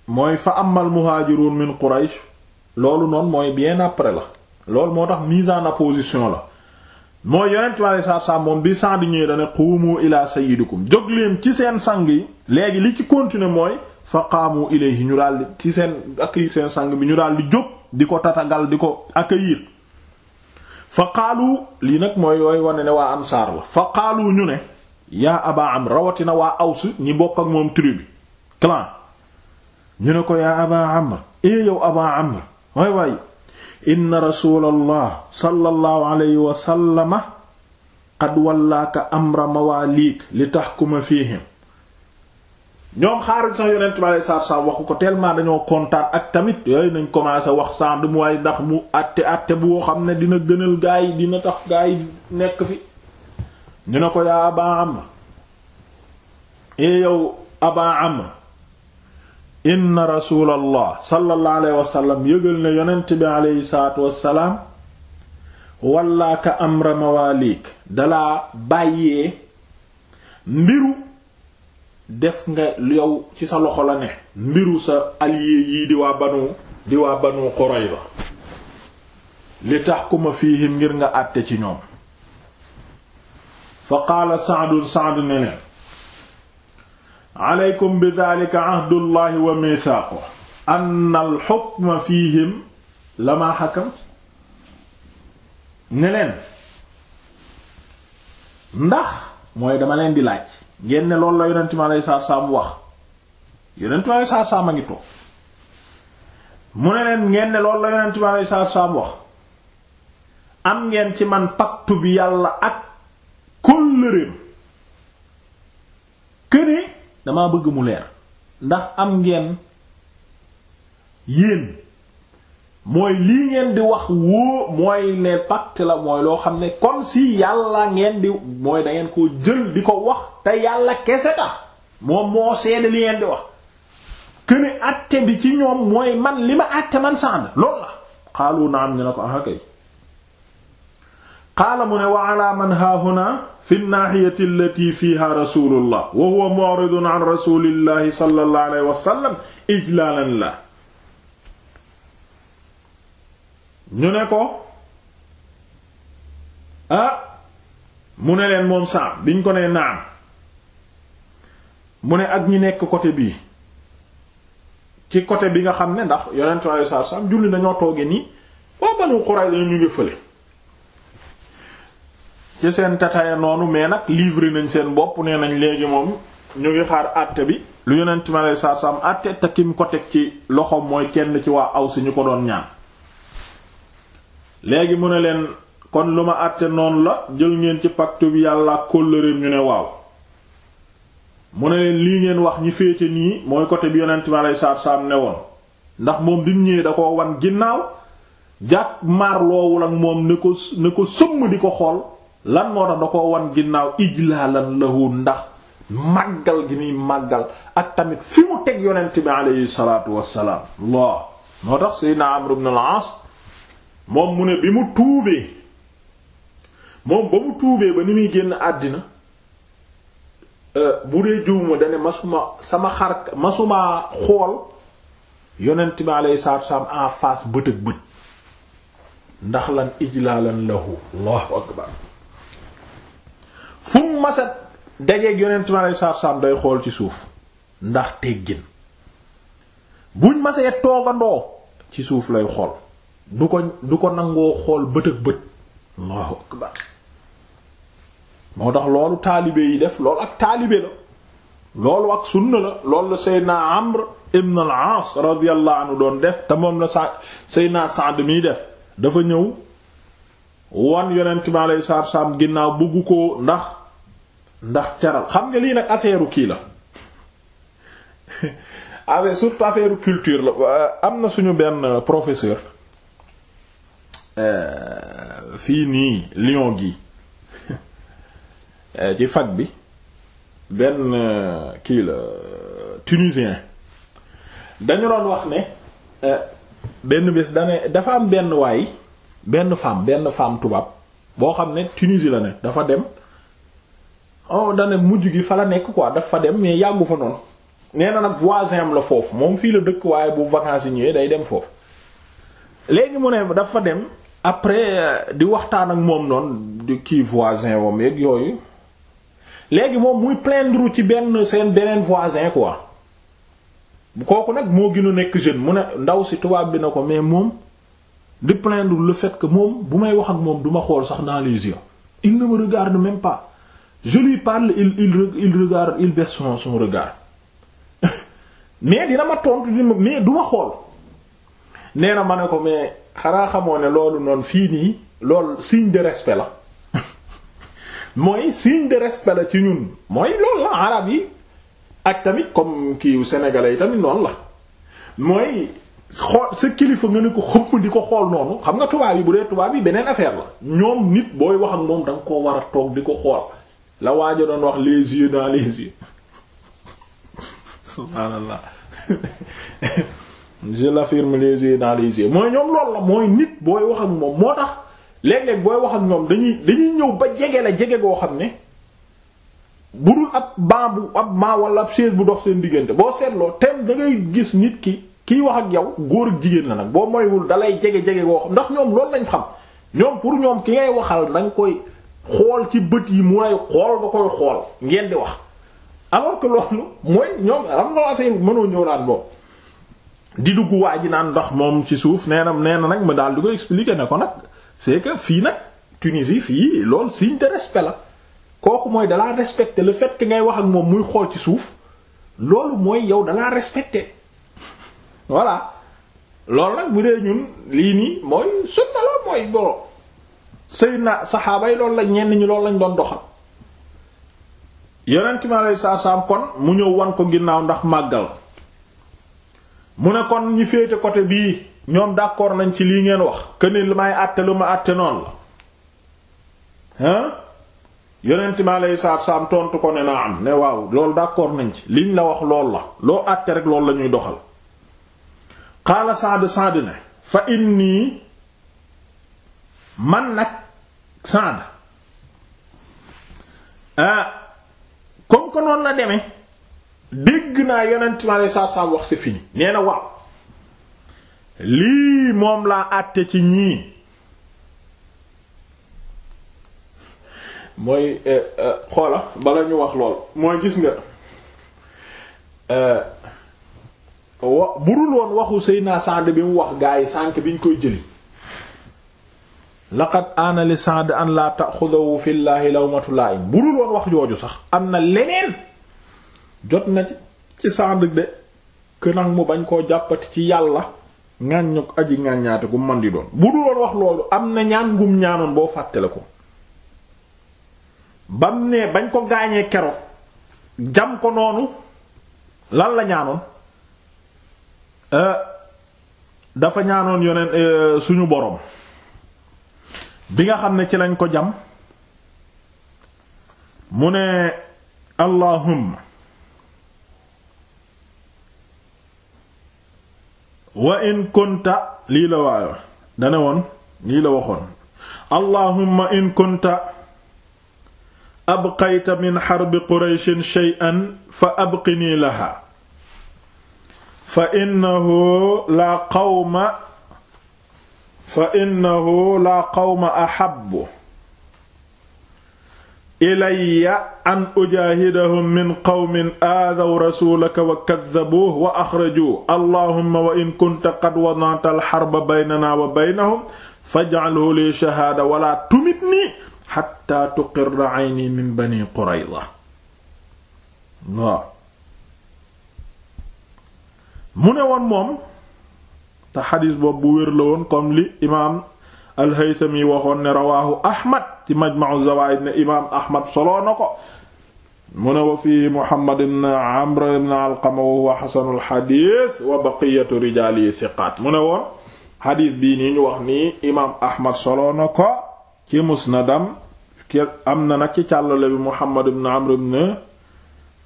mooy fa amal muhajirun min Quraysh loolu noonu mooy bien après la loolu moo tax mise en opposition la mooy yonent ma saa saa moom bi Saad ñëwee da ne qumu ila sayyidikum jóg leen ci seen sang yi léegi li ci continuer mooy fa qaamu ilayhi ñu daal di ci seen accueillir seen sang bi ñu daal di jóg di ko tatagal di ko accueillir fa qaalu lii nag mooy yooyu wane ne waa ansaar la fa qaalu ñu ne yaa Aba Amr rawatina waa Aws ñi bokk ak moom tribu clan ñu ne ko yaa aba amr ee eh yow aba amr waay waay inna rasulallah sallallahu alayhi wa sallama qad wallaaka amra mawaalik li tahkuma fiihim ñoom xaaruñ sax yonent bi aleyhi salaatu waxu ko tellement dañoo kontaan ak tamit yooyu nañ commencé wax sànq waaye ndax mu àtte àtte boo xam ne dina gënal gaa yi dina tax gaay nekk fi. ñu ne ko yaa Aba Amr. eh yow Aba Amr. inna rasulallah sallallahu alayhi wasallam yëgal ne yonent bi aleyhi salaatu wassalaam wallaaka amra mawaalik dalaa bàyyee mbiru def nga yow ci sa loxo la ne mbiru sa allié yii di waa banu di waa banu Qurayza li tahkuma fiihim ngir nga àtte ci ñoom fa qaala Sa'd Sa'd ne aleykum bi daalika ahdullahi wa misaaqo anna al xukma fiihim lama xakam ne leen ndax mooy dama leen di laaj ngeen ne loolu la yonent mi aleyhi salaatu wax yonent mi aleyhi salaatu a ngi toog mu ne leen ngeen ne loolu la yonent mi aleyhi salaatu wax am ngeen ci man paktu bi yàlla ak kóllëreem këne damaa bëgg mu leer ndax am ngeen yéen mooy lii ngeen di wax woo mooy ne pacte la mooy loo xam ne kon si yàlla ngeen di mooy da ngeen ko jël di ko wax te yàlla kese tax moom moo seede li ngeen di wax këne àtte bi ci ñoom mooy man li ma àtte man sànn loolu la xaalu na am ñu ne ko ah kay qaala mu ne waa ala man haahuna fi naaxiyati allati fiiha rasulullah wa huwa mu'ridun wa sallam ijlaalan la ñu ko ah, mu ne leen moom saam biñ ko nee naam mu ne ak ñi nekk côté bii ci côté bi nga xam ne ndax yonentu Yàlla sallallahu alayhi wa sallam julli nañoo tooge nii waa Banu Qurayza ñu ngi fële ci seen tataya noonu mais nag livré nañ seen bopp nee nañ léegi moom ñu ngi xaar àtte bi lu yonent mi aleyhi salaatu salaam àtte te kim ci loxoom mooy kenn ci waa aw si ñu ko doon ñaan léegi mu ne leen kon lu ma àtte noonu la jël ngeen ci pactu bi yàlla kóllëreem ñu ne waaw mu ne leen lii ngeen wax ñi féete nii mooy côté bi yonent mi ne woon ndax moom bi mu ñëwee da ko wan ginnaaw jàpp maar loowul ak moom ne ko ne ko di ko xool lan moo tax da koo wan ginnaaw ijlaalan lahu ndax màggal gi muy màggal ak tamit fi mu teg yonent bi aleyhi salaatu wassalaam Allah moo tax Seydina Amr ibn al-As moom mu ne bi mu tuubee moom ba mu tuubee ba ni muy génn àddina euh, bu dee juuma dane masuma sama xar masuma xool yonent bi aleyhi salaatu wassalaam en bët ak bët ndax lan ijlaalan lahu Allahu akbar fu mu masat dajeeg yonent mi alayhi day xool ci suuf ndax teggin buñ masee toogandoo ci suuf lay xool du ko du ko nangoo xool bët ak bët allahu akbar moo tax loolu taalibe yi def loolu ak taalibe la loolu ak sunna la lool la seydna amr ibn al-aas radiyallahu doon def te moom la sa seydna Saad mi def dafa ñëw wan yonent bi alayhi salaatu salaam ginnaaw bëggu ko ndax ndax caral xam nga lii nag affaire kii la avec surtout affaire culture la euh, am na suñu benn professeur euh, fii nii Lyon gi euh, ci fac bi benn kii la tunisien dañu doon wax ne benn bés dane dafa am benn waay benn femme benn femme tubaab boo xam ne Tunisie la ne dafa dem oh dane mujj gi fa la nekk quoi daf fa dem mais yàggu fa noonu nee na nag voisin am la foofu moom fii la dëkk waaye bu vacances yi day dem foofu léegi mu ne dafa dem après euh, di waxtaan ak moom noonu di kii voisin wam yeeg yooyu léegi moom muy plaindre ci benn seen beneen voisin quoi kooku nag moo gën nekk jeune mu ne ndaw si tubaab bi na ko mais moom de plaindre le fait que moom bu may wax ak moom duma xool sax dans les yeux il ne me regarde même pas je lui parle il il il regarde il baisse son son regard mais dina ma tontu dina mais du xool nee na ma ne ko mais xanaa xamoo ne loolu noon fii nii lool signe de respect la mooy signe de respect la ci ñun mooy loolu la arab yi ak tamit comme kii sénégalais yi tamit noonu la mooy. xool sa kilifa nga ne ko xëpp di ko xool noonu xam nga tubaab yi bu dee tubaab yi beneen affaire la ñoom nit booy wax ak moom da nga koo war a toog di ko xool la waajo wax les yeux dans les yeux subhaanallah je l'affirme les yeux dans les mooy ñoom loolu la mooy nit booy wax ak moom moo tax léeg-léeg booy wax ak ñoom dañuy dañuy ñëw ba jege la jege goo xam ne budul ab ban bu ab ban wala ab chaise bu dox seen diggante boo seetloo tem da ngay gis nit ki kii wax ak yow góor ak jigéen la nag boo moywul dalay jege-jege koo xam ndax ñoom loolu lañ xam ñoom pour ñoom ki ngay waxal na nga koy xool ci bët yi mu lay xool nga koy xool ngeen di wax alors que loolu mooy ñoom am nga affaire mënoo ñëw naan moom di duggu waa ji naan ndax moom ci suuf nee na nee na nag ma daal di ko expliquer ne ko nag c'est que fii nag Tunisie fii loolu signe de respect la kooku mooy dalaa respecter le fait que ngay wax ak moom muy xool ci suuf loolu mooy yow dalaa respecter voilà loolu nag bu dee ñun lii nii mooy sunna la mooy boro sayyidina saxaaba yi loolu la ñenn ñi loolu lañ doon doxal yonent mi alayhi salaam kon mu ñëw wan ko ginnaaw ndax màggal mu ne kon ñi féete côté bii ñoom d'accord nañ ci lii ngeen wax que ni lu may àtte lu ma àtte noonu la hein yonent mi alayhi tontu ko ne naa am ne waaw loolu d'accord nañ ci liiñ la wax lool la loo àtte rek loolu la ñuy doxal. qaala Saad Saad na fa inni man nag Saad ah comme que noonu la demee dégg naa yonent mi saa salaatu salaam wax c'est fini nee waaw lii moom laa àtte ci ñii mooy eh, eh, xoola bala ñu wax lool mooy gis nga. Eh, wa bu dul woon waxu Seydina Saad bi mu wax gaa yi sànk bi ñu koy jëli laqad aana li Saad an laa ta'xudahu fi llaahi lawmatu laa'im bu dul woon wax jooju sax am na leneen jot na ci Saad de que mu bañ koo jàppati ci yàlla ŋàññu aji ŋàññaate gu man doon bu dul woon wax loolu am na ñaan gum ñaanoon boo fàttale ko bam ne bañ ko gaañee keroog jam ko noonu lan la ñaanoon Euh, dafa ñaanoon yoneen euh, suñu boroom bi nga xam ne ci lañ ko jam mu ne allahumma wa in kunta lii la waayo dane woon lii la waxoon allahumma in kunta abqayta min xarbi qurayshin shay'an fa abqini laha fa innahu la qawma fa innahu la qawma ahabbu ilayya an ujaahidahum min qawmin aadaw rasulaka wa kaddabuuh wa axrajuuh allahumma wa in kunta qad wadanta alxarba baynana wa baynahum faj'alhu li shahaada wala tumitni xatta tuqirra ayni min bani qurayza waaw mu ne woon moom te xadis boobu bu wér la li imaam alhaytami waxoon ne rawaahu ahmad ci majmau zawaid ne imaam ahmad na ko mu ne wa fi muhammad ibn amr ibn alqama wa huwa xasanul xadis wa baqiyatu rijaali siqaat mu ne woon xadis bii nii ñu wax nii imaam na ko ci musnadam am na nag ci càllale bi muhammad ibn amr ibn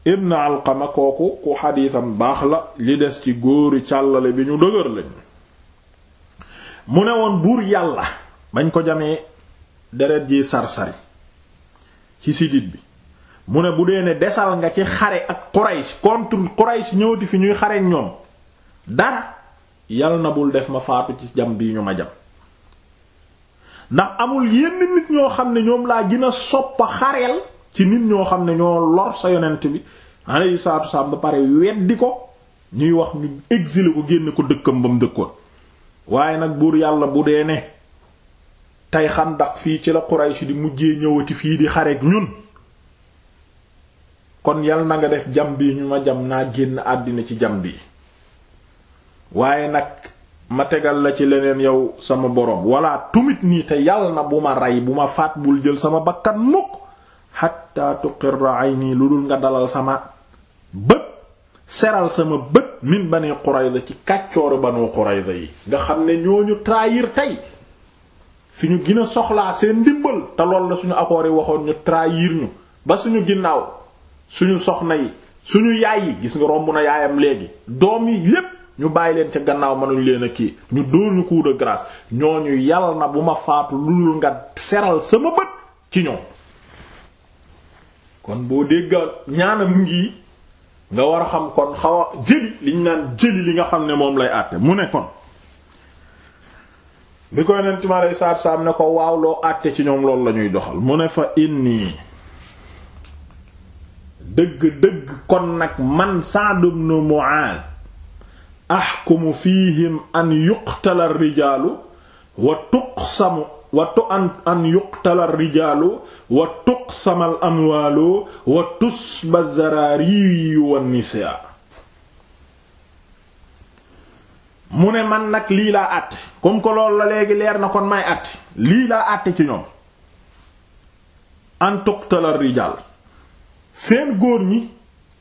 ibn alqama kooku ku xadiisam baax la li des ci góori càllale bi ñu dëgër lañ mu ne woon buur yàlla bañ ko jamee deret ji sarsari ci sidit bi mu ne bu dee ne desal nga ci xare ak Quraysh contre Quraysh ñëwati fi ñuy xare ñoom dara yal na bul def ma faatu ci jam bii ñu ma jam ndax amul yenn nit ñoo xam ne ñoom laa gin a soppa xareel ci nit ñoo xam ne ñoo lor sa yonent bi alayhi salaatu wasalaam ba pare weddi ko ñuy wax ñu exilé ko génn ko dëkkam ba mu dëkkoon waaye nag buur yàlla bu dee ne tey xandax fii ci la Quraysh di mujjee ñëwati fii di xareek ñun kon yal na nga def jam bii ñu ma jam naa génn àddina ci jam bii waaye nag ma tegal la ci leneen yow sama boroom walla tumit nii te yal na bu ma rey bu ma faat bul jël sama bakkan mukk xatta tuqirra nii lu dul nga dalal sama bët seral sama bët min bani Qurayza ci kàccooru banu Qurayza yi nga xam ne ñooñu trahir tey fi ñu gën soxlaa seen ndimbal te loolu la suñu accords yi waxoon ñu trahir ñu ba suñu ginnaaw suñu soxna yi suñu yaay yi gis nga romb na yaayam léegi doom yi lépp ñu bàyyi leen ca gannaaw mënuñ leen a kii ñu dóor ñu coup de grâce ñooñu yàlla na bu ma faatu lu dul nga seral sama bët ci ñoom kon boo déggaat ñaanam ngi nga war a xam kon xaw a jëli liñ naan jëli li nga xam ne moom lay àtte mu ne kon bi koy neen timaare saab saab ne ko waaw loo àtte ci ñoom loolu lañuy doxal mu ne fa inni dëgg dëgg kon nag man Sa'd mu Mu'adh ahkumu fihim an yuqtala ar-rijaalu wa samu wattu an an yuqtala rijaalu wa tuqsama al amwaalu wa tusba zarariyu mu ne man nag lii laa àtte comme que loolu la léegi leer na kon may àtte lii laa àtte ci ñoom an tuqtala rijaal seen góor ñi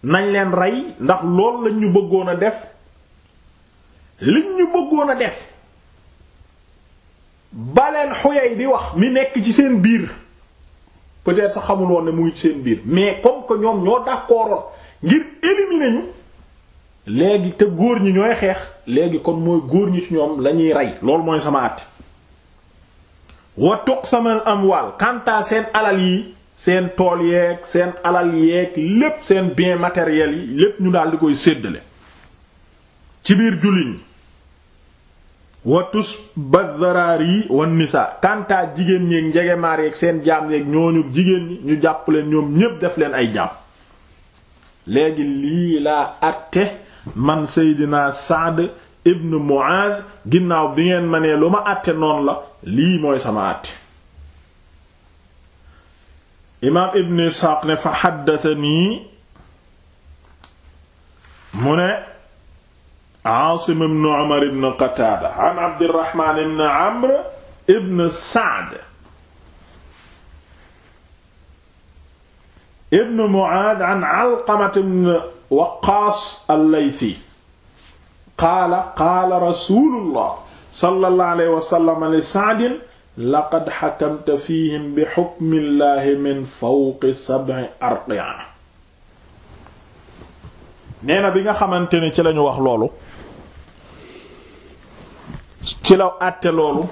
nañ leen rey ndax lool lañ ñu bëggoon a def liñ ñu bëggoon a def baleen xuyay bi wax mi nekk ci seen biir peut-être sax xamul ne mu ngi ci seen biir mais comme que ñoom ñoo d'accordoon ngir éliminer ñu léegi te góor ñi ñooy xeex léegi kon mooy góor ñi ci ñoom lañuy ñuy rey loolu mooy sama àtte wa tuqsamal amwaal kanta seen alal yi seen tool yeeg seen alal yeeg lépp seen bien matériels yi lépp ñu daal di koy séddale ci biir jullit ñi wa tus bazaraar yi wan nisa kantaa jigéen ñeeg njegemaar yeeg seen jaam yeeg ñooñu jigéen ñi ñu jàpp ñoom ñépp def leen ay jaam léegi lii laa àtte man seydinaa Saad ibn Muaz ginnaaw bi ngeen ma nee lu ma àtte noonu la lii mooy sama àtte imaam ibn Isxaaq ne fa xaddatanii mu ne Aasim ibn Umar ibn Qataada an Abdirahmaan ibn Amr ibn Saad ibn Muaad an Alqamah ibn Waqqaas al-Laysi qaala qaala rasuulullah sallallahu alayhi wa sallam li Saad laqad xakamta fiihim bi xukmillahi min fawqi sab'i ardi'a nee na bi nga xamante ne ci lañu wax loolu ci la àtte loolu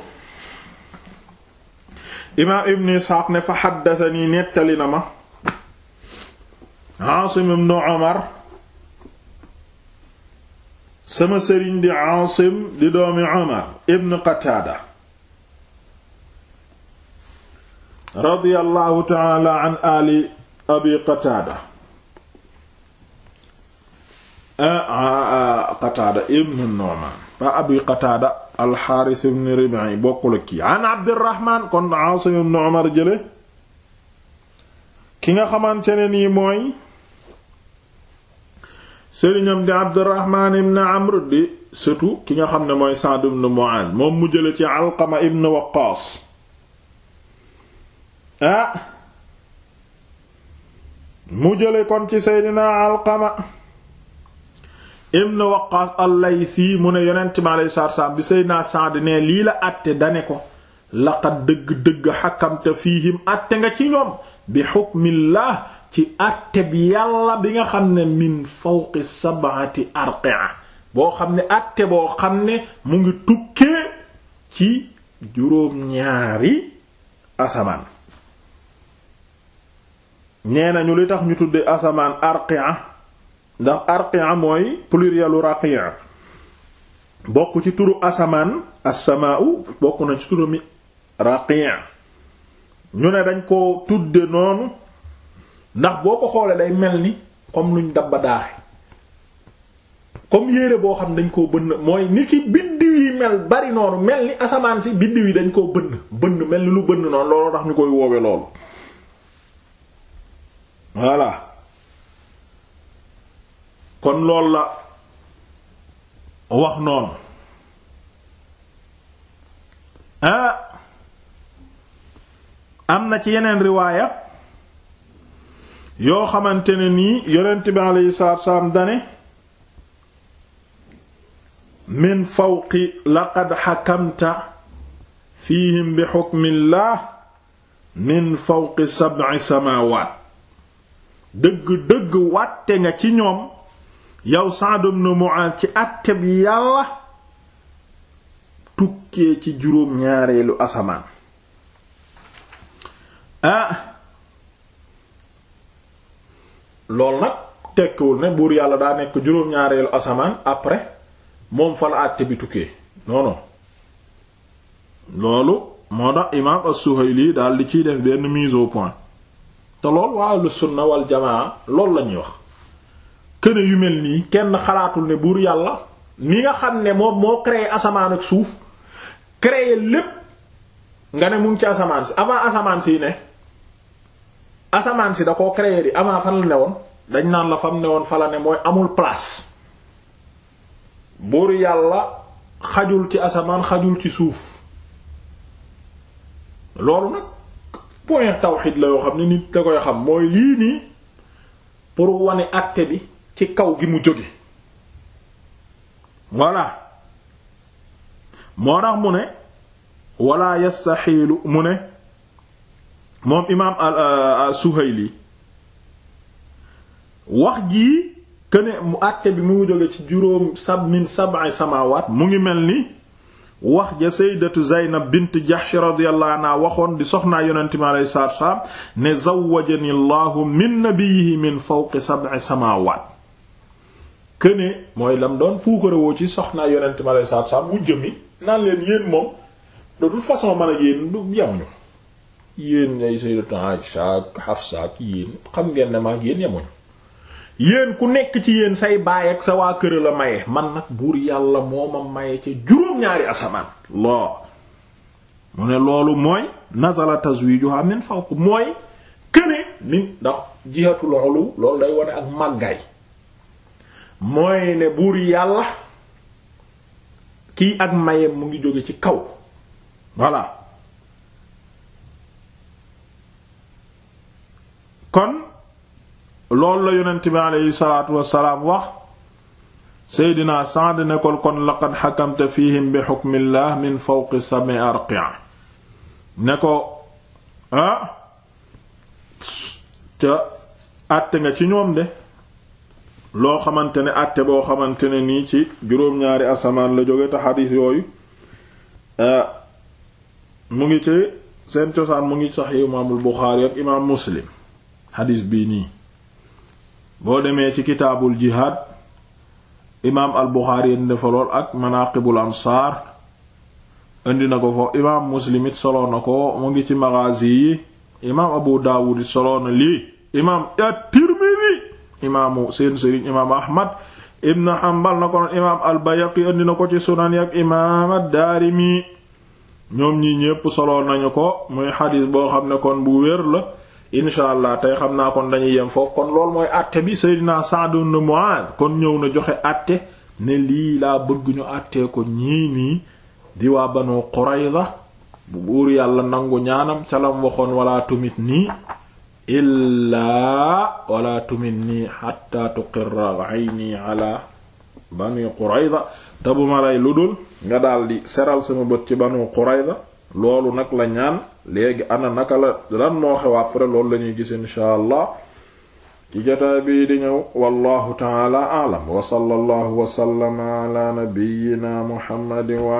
imaam ibn isxaaq ne fa xaddatani nettali na ma aasim ibn omar sama sëriñ di aasim di doomi omar ibn qataada radiyallahu taala an ali abi qataada ah, ah, ah, qataada ibn nu'man ba abi qataada alxaaris ibn rib'i bokkul ak kii an abdirahman kon aasim ibn umar jële ki nga xamaan ne yi mooy sëriñam di abdirahman ibn amr di surtout ki nga xam ne mooy sa'd ibn mu'adh moom mu jële ci alqama ibn waqaas ah mu jële kon ci seydina alqama ibn Waqqaas al-Laythi mu ne yonent mi alayhi salaatu salaam bi Seydina Saad ne lii la àtte dane ko laqad dëgg-dëgg xakamte fiihim àtte nga ci ñoom bi xukmillah ci àtte bi yàlla bi nga xam ne min fawqi sab'ati arqi'a boo xam ne àtte boo xam ne mu ngi tukkee ci juróom-ñaari asamaan nee nañu li tax ñu tudde asamaan arqi'a ndax arqi'a mooy plurielu raqi'a bokk ci turu asamaan as-samaa'u bokk nañ ci turu mi raqi'a ñu ne dañ ko tudde noonu ndax boo ko xoolee day mel ni comme luñ dabba daaxe comme yére boo xam dañ koo bënn mooy ni ki biddiw yi mel bari noonu mel ni asamaan si biddiw yi dañ koo bënn bënn mel ni lu bënn noonu looloo tax ñu koy woowe loolu voilà kon loolu la wax noonu ah, am na ci yeneen riwaaya yoo xamante ne nii yonent bi aleyhi salaatu salaam dane min fawqi laqad xakamta fiihim bi xukmillah min fawqi sab'i samaawaat dëgg dëgg wàtte nga ci ñoom yow Sa'd ibn Mu'adh ci àtteb yàlla tukkee ci juróom ñaareelu asamaan ah buur yàlla daa nekk asamaan après moom fa la àtte bi tukkee non loolu moo tax imaam as-Suhayli daal di ci def benn mise au point te lool waaw lu sunna wal jamaa loolu lañuy wax këne yu mel nii kenn xalaatul ne buur yàlla mi nga xam ne moom moo créé asamaan ak suuf créé lépp nga ne mu ci asamaan si amaa asamaan si ne asamaan si da koo créé di fan la ne woon dañ naan la fam ne woon fa la ne mooy amul place buur yàlla xajul ci asamaan xajul ci suuf loolu nag point tawxid la yoo xam ne nit da koy xam mooy lii nii pour wane acte bi ci kaw gi mu jóge voilà moo tax mu ne wala yastaxiilu mu ne moom imaam euh, Suhayli wax jii këne mu àtte bi mu jóge ci juróom sab min sab'i samaawaat mu ngi mel ni wax ja saydatu Zaynab bint Jahsh radiyallahu anha waxoon di soxnaa yonent mi alayhi salaatu wa salaam ne zawwajani Allahu min nabiyyihi min fawqi sab'i samaawaat këne mooy lam doon puukarewoo ci soxnaa yonent ma lay saab saab mu leen yéen moom de toute façon man ak yéen yemuñu yéen xam ngeen ne ma ak yéen ku nekk ci yéen say baay ak sa waa kër la maye man nag buur yàlla moo ma maye ca juróom-ñaari asamaan loo mu ne loolu mooy nazala tazwijuha min fawq mooy këne nit ndax jihatul ulu loolu day wone ak màggaay mooy ne buur yàlla kii ak mayem mu ngi jóge ci kaw voilà kon loolu la yonent bi aleyhi salaatu wassalaam wax seydina Saad nekkoon kon laqad xakamta fihim bi xukmillah min fawqi sami arqi'a ne ko ah ca àtte nga ci ñoom de loo xamante ne àtte boo xamante ne nii ci juróom-ñaari asamaan la jóge te xadiis yooyu eh, mu ngi ci seen cosaan mu ngi saxi imaamul Buxaari ak imaam Muslim xadiis bii nii boo demee ci kitaabul jihaad imaam al Buxaari indi dafa lool ak manaaqibul ansaar indi na ko foofu imaam Muslim it solo na ko mu ngi ci magaasi yi imaam Abu Daawud it solo na lii imaam at-Tirmidhi imaamu seen sëriñ imaam ahmad ibn hanbal na ko noon imaam albayaqi indi na ko ci sunan yak imaam addaarimi ñoom ñi ñépp solo nañu ko muy xadis boo xam ne kon bu wér la incha allah tey xam naa kon dañuy yem foofu kon lool mooy àtte bi seydinaa Sa'd ibn Mu'adh kon ñëw na joxe àtte ne lii laa bëgguñu ñu àttee ko ñii nii di waa Banu Qurayza bu buur yàlla nangu ñaanam calam waxoon wala tumit nii illaa wala tuminni xatta tuqirra ayni bani qurayda te bu ma lay lu dul nga daldi seral sama bët ci banu qurayda loolu nag la ñaan léegi ana naka la lan moo xew loolu la ñuy gis inshaa allah ci bii di ñëw wallahu taala aalam wa sallallahu wa sallama ala nabiyyina muhammadin wa